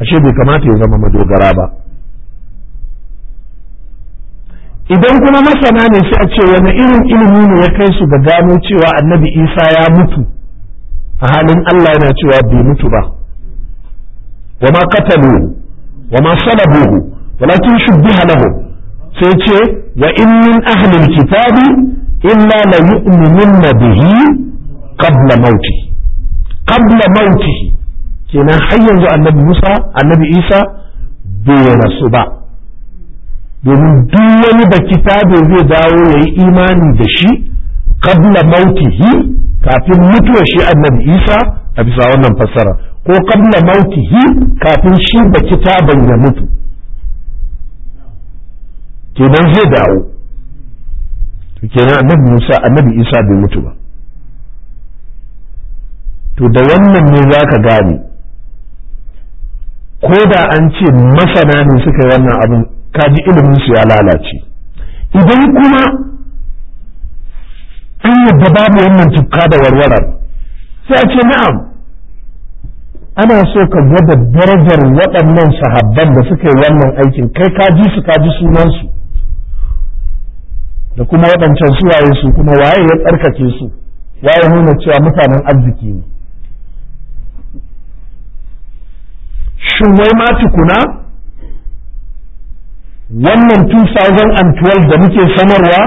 ashe bai kamata ya zama madogara ba idan kuma masana ne sai a ce wani irin ilimi ne ya kai su ga gano cewa annabi isa ya mutu a halin allah yana cewa bai mutu ba wa ma wama wa ma salabuhu walakin shubbiha lahu sai ce wa in min kitabi illa la na bihi qabla mauti qabla mautihi kenan har yanzu annabi Musa annabi Isa bai rasu ba domin duk wani da kitabe zai dawo yayi imani da shi qabla mautihi kafin mutuwar shi annabi Isa a bisa wannan fassara ko qabla mautihi kafin shi da kitaban ya mutu kenan zai dawo kenan annabi Musa annabi Isa bai mutu ba to da wannan ne za ka gane ko da an ce masana ne suka yi wannan abin kaji ilimin su ya lalace idan kuma an yadda babu wannan tukka da warwarar sai a ce na'am ana so ka gwada darajar waɗannan sahabban da suka yi wannan aikin kai kaji su kaji sunansu da kuma waɗancan suwaye su kuma waye ya tsarkake su waye nuna cewa mutanen arziki ne shin wai ma tukuna wannan 2012 da muke samarwa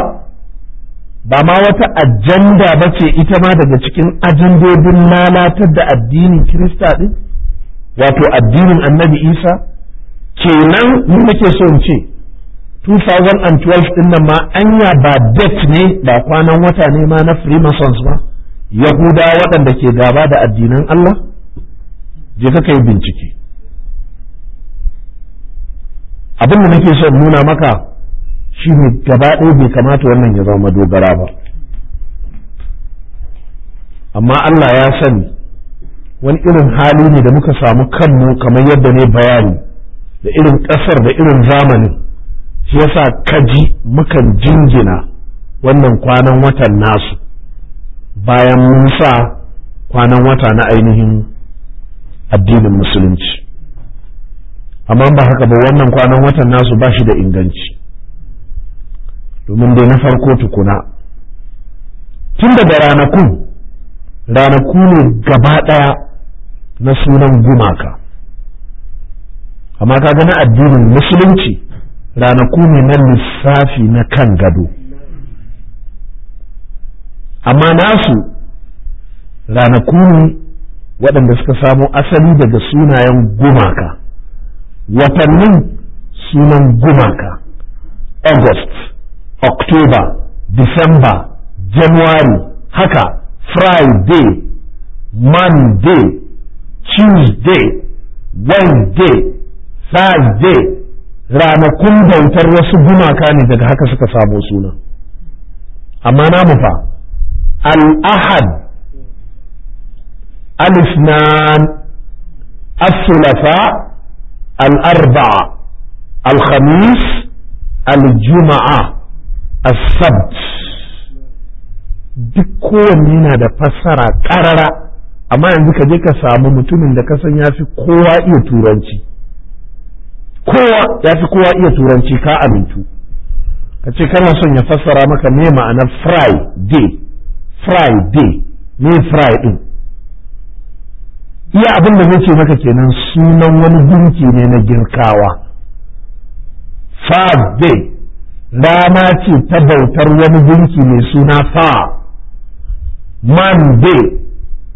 ba ma wata ajanda ba ce ita ma daga cikin ajandodin lalatar da addinin kirista ɗin wato addinin annabi isa kenan mu nake so in ce 2012 ɗin nan ma anya ba dat ne ba kwanan wata ne ma na freemasons ba yahuda waɗanda ke gaba da addinan allah je ka bincike abin da nake son nuna maka shi ne gaba ɗaya bai kamata wannan ya zama dogara ba amma Allah ya sani wani irin hali ne da muka samu kanmu kamar yadda ne bayani da irin ƙasar da irin zamani, shi yasa kaji mukan jingina wannan kwanan watan nasu bayan mun sa kwanan wata na ainihin addinin musulunci amma ba haka ba wannan kwanan watan nasu ba shi da inganci domin dai na farko tukuna tun daga ranakun ranaku ne gaba ɗaya na sunan gumaka amma ka na addinin musulunci ranaku ne na lissafi na kan gado amma nasu ranaku ne waɗanda suka samo asali daga sunayen gumaka watannin sunan gumaka august october december january haka friday monday tuesday wednesday thursday ranakun bautar wasu gumaka ne daga haka suka sabo suna amma na mufa. al'ahad alifnan al الأربعة الخميس الجمعة السبت duk kowanne yana da fassara ƙarara amma yanzu ka je ka samu mutumin da ka san ya fi kowa iya turanci kowa ya fi kowa iya turanci ka amintu ka ce kana son ya fassara maka me ma'anar friday friday me friday din iya abin da zai ce maka kenan sunan wani gunki ne na girkawa fab be rana ce ta bautar wani gunki mai suna fa Man be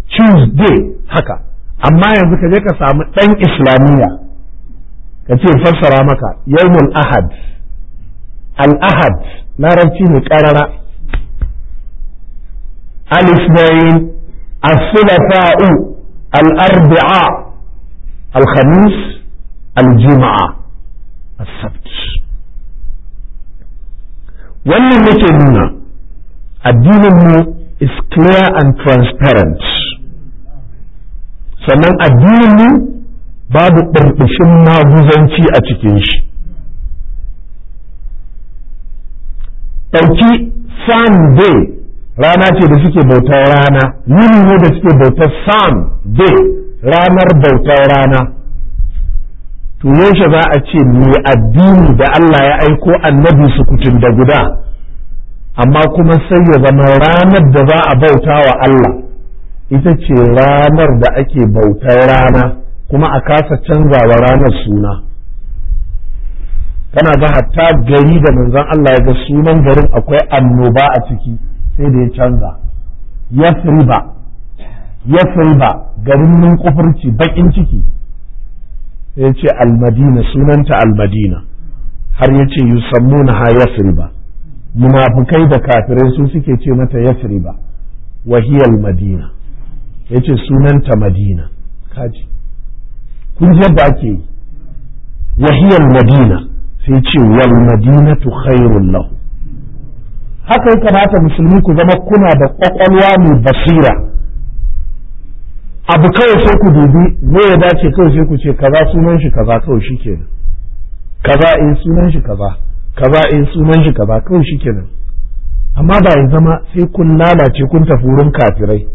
tuesday haka amma yanzu ka je ka samu ɗan islamiyya ka ce fassara maka yawmul ahad al-ahad larabci ne ƙarara alif nayin as-sulasa'u الأربعاء الخميس الجمعة السبت wannan yake nuna addininmu is clear and transparent sannan addinin addininmu babu ɗarɗashin maguzanci a cikin shi ɗauki sunday rana ce da suke bautar rana yini ne da suke bautar sam day ranar bautar rana to yaushe za a ce mai addini da Allah ya aiko annabi su kutun da guda amma kuma sai ya zama ranar da za a bauta wa Allah ita ce ranar da ake bautar rana kuma a kasa canza wa ranar suna kana ga hatta gari da manzon Allah ya ga sunan garin akwai annoba a ciki sai da ya canza yasriba yasriba garin nun kufurci bakin ciki sai ya ce almadina sunanta almadina har ya ce yusammuna ha yasriba munafukai da kafirai su suke ce mata yasriba wahiyal madina ya ce sunanta madina kaji kun ji yadda ake yi wahiyal madina sai ce wal madinatu khairun lahu haka yake mata musulmi ku zama kuna da kwakwalwa mai basira abu kawai sai ku dubi me ya dace kawai sai ku ce kaza sunan shi kaza kawai shi kenan kaza in eh, sunan shi kaza kaza in eh, sunan shi kaza kawai shi amma ba ya zama sai kun lalace kun tafi wurin kafirai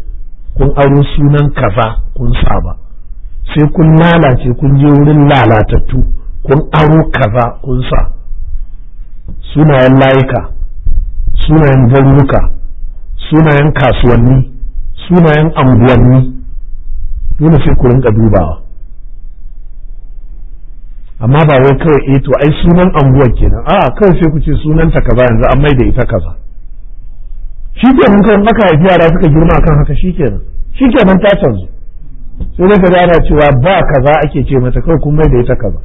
kun aro sunan kaza kun sa ba sai kun lalace kun je wurin lalatattu kun aro kaza kun sa sunayen layuka sunayen garuruka sunayen kasuwanni sunayen anguwanni dole sai ku rinka dubawa amma ba wai kawai eh to ai sunan anguwar kenan a kawai sai ku ce sunan ta kaza yanzu an maida ita kaza shi mun kawai aka haifi yara suka girma kan haka shi kenan shi mun ta canzu sai dai kaga ana cewa ba kaza ake ce mata kawai kun maida ita kaza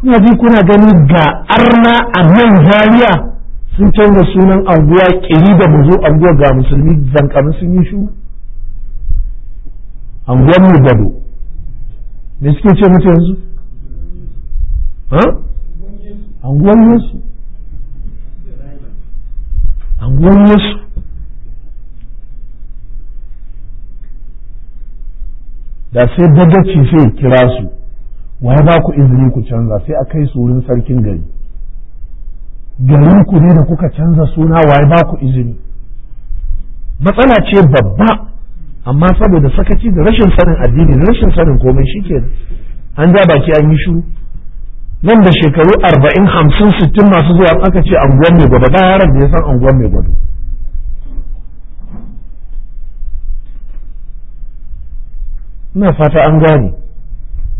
kuna ji kuna gani ga arna a nan zariya sun canza sunan anguwa kiri da mu anguwa ga musulmi zankamin sun yi shu anguwa mu gado me suke ce mutu yanzu anguwan yesu anguwan yesu da sai dagaci sai kira su waye ba ku izini ku canza sai a kai su wurin sarkin gari garin ku ne da kuka canza suna waye ba ku izini matsala ce babba amma saboda sakaci da rashin sanin addini da rashin sanin komai shike an ja baki an yi shiru nan da shekaru arba'in hamsin sittin masu zuwa aka ce anguwan mai gwado ɗaya yaran da ya san anguwan mai gwado ina fata an gane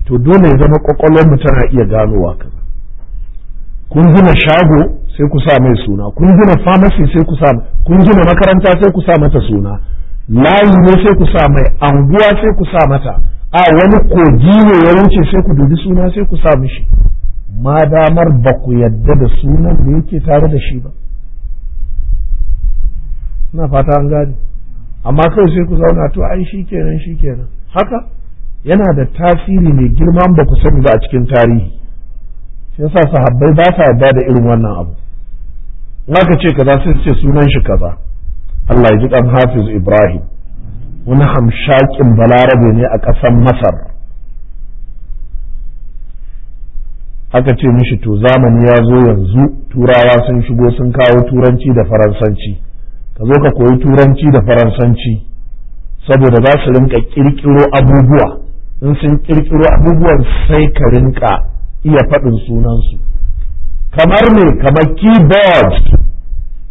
to dole ya zama kwakwalwar mu tana iya ganowa kaza kun gina shago sai ku sa mai suna kun gina famasi sai ku sa kun gina makaranta sai ku sa mata suna layi ne sai ku sa mai anguwa sai ku sa mata a wani kogi ne ya wuce sai ku dubi suna sai ku sa mishi ma damar ba ku yadda da sunan da yake tare da shi ba na fata an gane amma kawai sai ku zauna to ai shi kenan shi kenan haka yana da tasiri mai girma ba ku sani ba a cikin tarihi shi yasa sahabbai ba sa yarda da irin wannan abu ka ce kaza sai ce sunan shi kaza Allah ya ji dan Hafiz Ibrahim wani hamshakin balarabe ne a ƙasar Masar aka ce mishi to zamani ya zo yanzu turawa sun shigo sun kawo turanci da faransanci ka zo ka koyi turanci da faransanci saboda za su rinka kirkiro abubuwa in sun kirkiro abubuwan sai ka rinka iya faɗin sunansu kamar ne kamar keyboard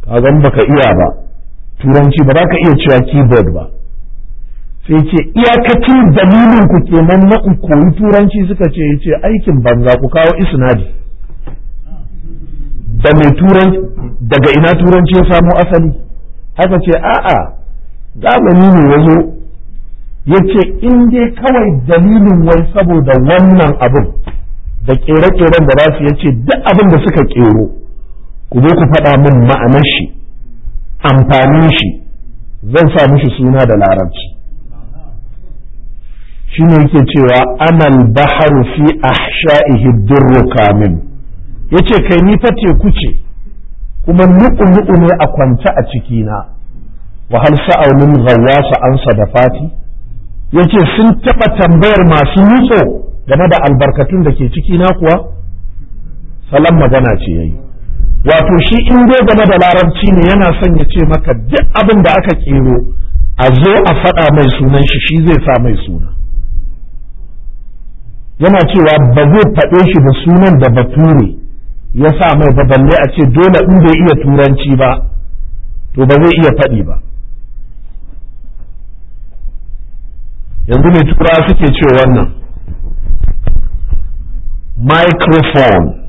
ka kaga baka iya ba turanci ba za ka iya cewa keyboard ba sai ce iyakacin dalilin ku kenan na koyi turanci suka ce ya ce aikin banza ku kawo isnadi da mai turanci daga ina turanci ya samo asali aka ce a'a zamani ne ya zo ya ce in dai kawai dalilin wai saboda wannan abin da ƙere-ƙeren da za su ce duk abin da suka ƙero ku zo ku faɗa min ma'anar shi amfanin shi zan sa mishi suna da larabci shi ne yake cewa anan baharu fi ahsha'ihi durru kamin yace kai ni fa teku ce kuma nuku-nuku ne a kwanta a cikina wa hal sa'aunin ghawwasa ansa da fati yace sun taɓa tambayar masu nutso game da albarkatun da ke ciki na kuwa salon magana ce yayi wato shi in dai game da larabci ne yana son ya ce maka duk abin da aka kero a zo a faɗa mai sunan shi shi zai sa mai suna yana cewa ba zai faɗe shi da sunan da bature ya sa mai ba balle a ce dole in bai iya turanci ba to ba zai iya faɗi ba yanzu mai tura suke ce wannan microphone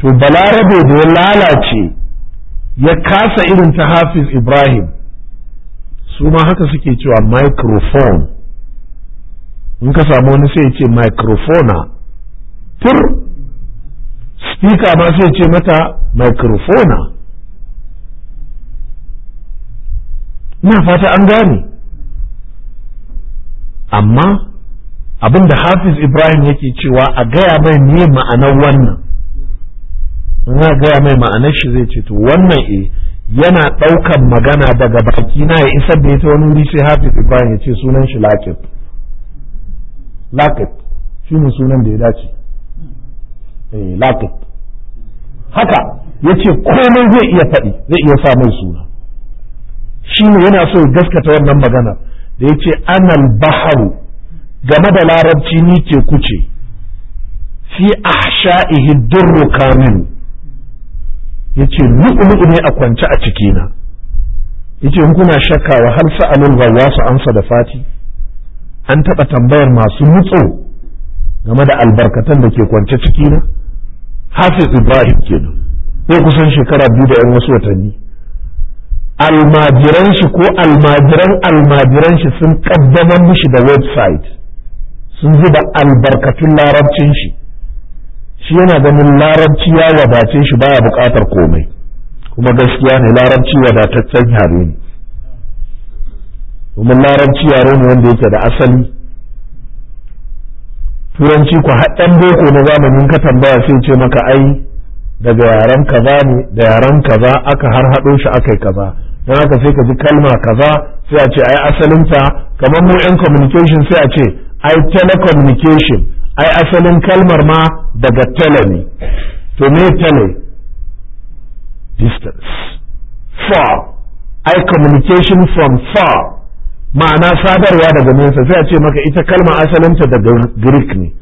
to balarabe da ya lalace ya kasa irin ta hafiz ibrahim su ma haka suke cewa microphone in ka samu wani sai ce microphone tur speaker ma sai ce mata microphone na fata an gane amma Abin da hafiz ibrahim yake cewa a gaya mai ne ma'anar wannan ya gaya mai ma'anar shi zai ce to wannan e yana ɗaukan magana daga baki na ya isar da ita wani wuri sai hafiz ibrahim ya ce sunan shi lakit lakit shi ne sunan da ya dace eh lakit haka ya ce komai zai iya faɗi zai iya sa mai suna shi ne yana so ya gaskata wannan magana da ya ce anal baharu game da larabci ni ke kuce fi ahsha'ihi durru ya ce lu'lu'u ne a kwance a cikina yace ce kuna shakka wa hal sa'alul su amsa da fati an taɓa tambayar masu nutso game da albarkatan da ke kwance cikina hafiz ibrahim kenan zai kusan shekara biyu da 'yan wasu watanni almajiran shi ko almajiran almajiran shi sun kaddamar mishi da website sun zuba albarkatun larabcin shi shi yana ganin larabci ya wadace shi baya bukatar komai kuma gaskiya ne larabci wadataccen yare ne domin larabci yare ne wanda yake da asali turanci ku haɗɗan boko na zamanin ka tambaya sai ce maka ai daga yaren kaza ne da yaren kaza aka har haɗo shi akai yi kaza don haka sai ka ji kalma kaza sai a ce ai asalinta kamar mu yan communication sai a ce ai telecommunication ai asalin kalmar ma daga tele ne to me tele distance far ai communication from far ma'ana sadarwa daga nesa sai a ce maka ita kalma asalinta daga greek ne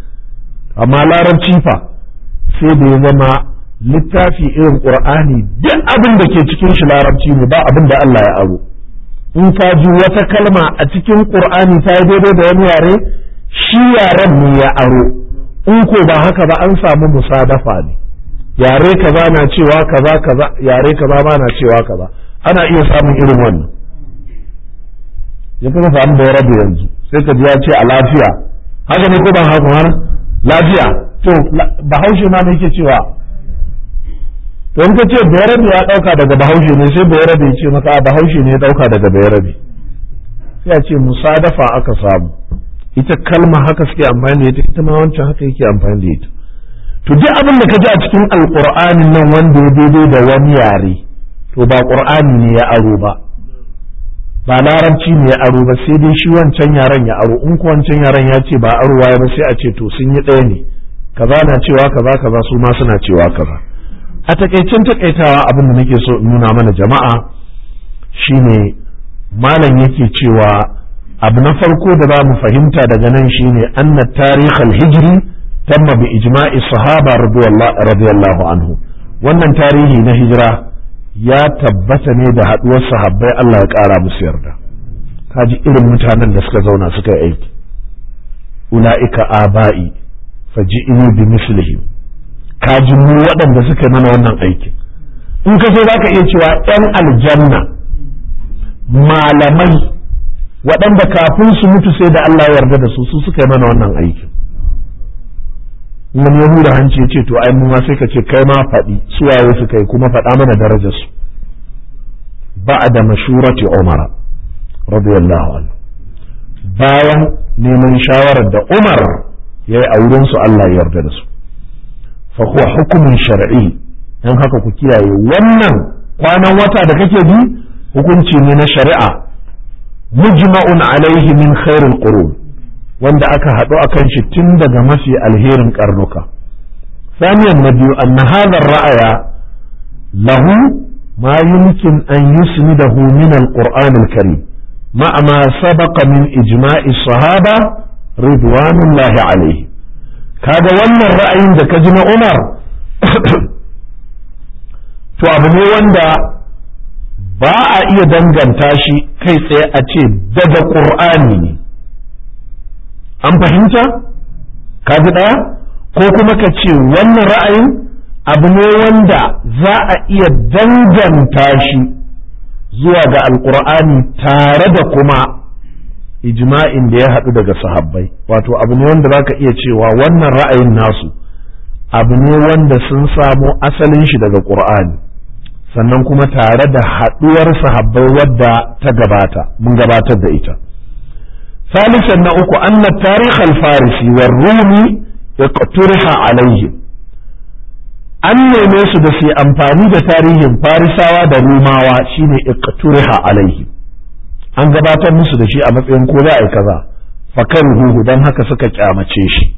amma larabci fa sai da ya zama littafi irin qur'ani duk abin da ke cikin shi larabci ne ba abin da Allah ya aro in ka ji wata kalma a cikin qur'ani ta yi daidai da wani yare shi yaren mu ya aro in ko ba haka ba an samu musadafa ne yare ba na cewa ka ba yare ba ma na cewa kaza ana iya samun irin wannan ya kuma samu da rabu yanzu sai ka ji ya ce a lafiya haka ne ko ba haka har lafiya to bahaushe ma ne yake cewa to in ka ce bayarabe ya dauka daga bahaushe ne sai bayarabe ya ce maka bahaushe ne ya dauka daga bayarabe sai a ce musadafa aka samu ita kalma haka suke amfani da ita ita ma wancan haka yake amfani da ita to duk abin da ka ji a cikin alƙur'anin nan wanda ya daidai da wani yare to ba ƙur'ani ne ya aro ba ba laranci ne ya aro ba sai dai shi wancan yaren ya aro in ku wancan yaren ya ce ba arowa ba sai a ce to sun yi ɗaya ne kaza na cewa kaza kaza su ma suna cewa kaza a takaicen takaitawa abin da nake so in nuna mana jama'a shine malam yake cewa abu na farko da za mu fahimta daga nan shine anna tarihal hijri tamma bi ijma'i sahaba radiyallahu anhu wannan tarihi na hijira ya tabbata ne da haduwar sahabbai Allah ya kara musu yarda kaji irin mutanen da suka zauna suka yi aiki ula'ika aba'i faji'ini bi mislihim kaji mu waɗanda suka mana wannan aikin in ka so za ka iya cewa 'yan aljanna malamai waɗanda kafin su mutu sai da Allah ya yarda da su su suka yi mana wannan aikin wani ya hura hanci ya ce to ai mun ma sai ka ce kai ma faɗi su waye su kai kuma faɗa mana darajar su da mashurati umar radiyallahu anhu bayan neman shawarar da umar ya yi a wurin su Allah ya yarda da su fa huwa hukumin shar'i dan haka ku kiyaye wannan kwanan wata da kake bi hukunci ne na shari'a mujma'un alaihi min khairul ƙuru, wanda aka haɗu a kan shi tun daga mafi alherin karnuka samiyan na biyu an ra'aya lahu ma an yusni da hu min al-qur'an al-karim ma ma min ijma'i sahaba ridwanullahi alaihi kaga wannan ra'ayin da ka ji na umar to abu ne wanda ba a iya danganta shi kai tsaye a ce daga ƙur'ani ne an fahimta ka ji ɗaya ko kuma ka ce wannan ra'ayin abu ne wanda za a iya danganta shi zuwa ga alƙur'ani tare da kuma ijma'in da ya haɗu daga sahabbai wato abu ne wanda zaka iya cewa wannan ra'ayin nasu abu ne wanda sun samo asalin shi daga ƙur'ani sannan kuma tare da haɗuwar sahabbai wadda ta gabata mun gabatar da ita salisan na uku anna tarikh al wa Rumi rumi yaqturiha alaihim an neme su da su amfani da tarihin farisawa da rumawa shine iqturiha alaihi an gabatar musu da shi a matsayin ko za a yi kaza fakaruhu dan haka suka kyamace shi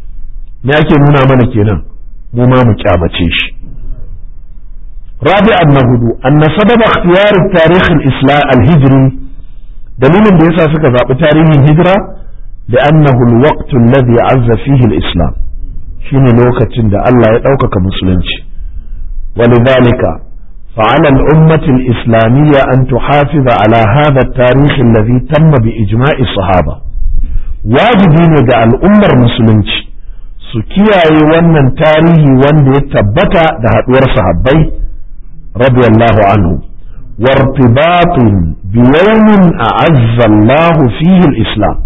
me ake nuna mana kenan mu ma mu kyamace shi rabi'an na hudu anna sababa ikhtiyar tarikh al-islam al-hijri dalilin da yasa suka zaɓi tarihin hijira da annahu al-waqt alladhi azza fihi al-islam shine lokacin da Allah ya ɗaukaka musulunci walidhalika فعلى الأمة الإسلامية أن تحافظ على هذا التاريخ الذي تم بإجماع الصحابة واجبين دع الأمة wannan سكيا wanda ya tabbata da دهدور صحابي radiyallahu anhu وارتباط بيوم أعز الله فيه الإسلام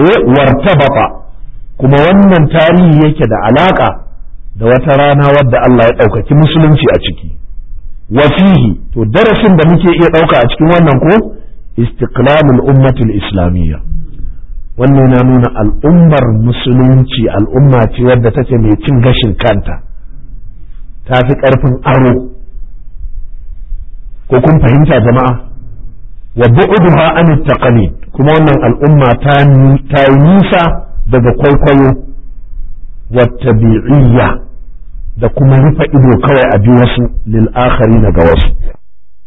إيه وارتبط كما ونن تاريه كده علاقة da wata rana wadda Allah ya ɗaukaki musulunci a ciki Wasihi, to darasin da muke iya ɗauka a cikin wannan ko istiqlalul ummatul islamiyya wannan na nuna al'ummar musulunci al'umma ce wadda take mai cin gashin kanta ta fi ƙarfin aro ko kun fahimta jama'a wa bu'duha an taqalid kuma wannan al'umma ta ta nisa daga kwaikwayo wa tabi'iyya da kuma rufe ido kawai a bi wasu lil akharina ga wasu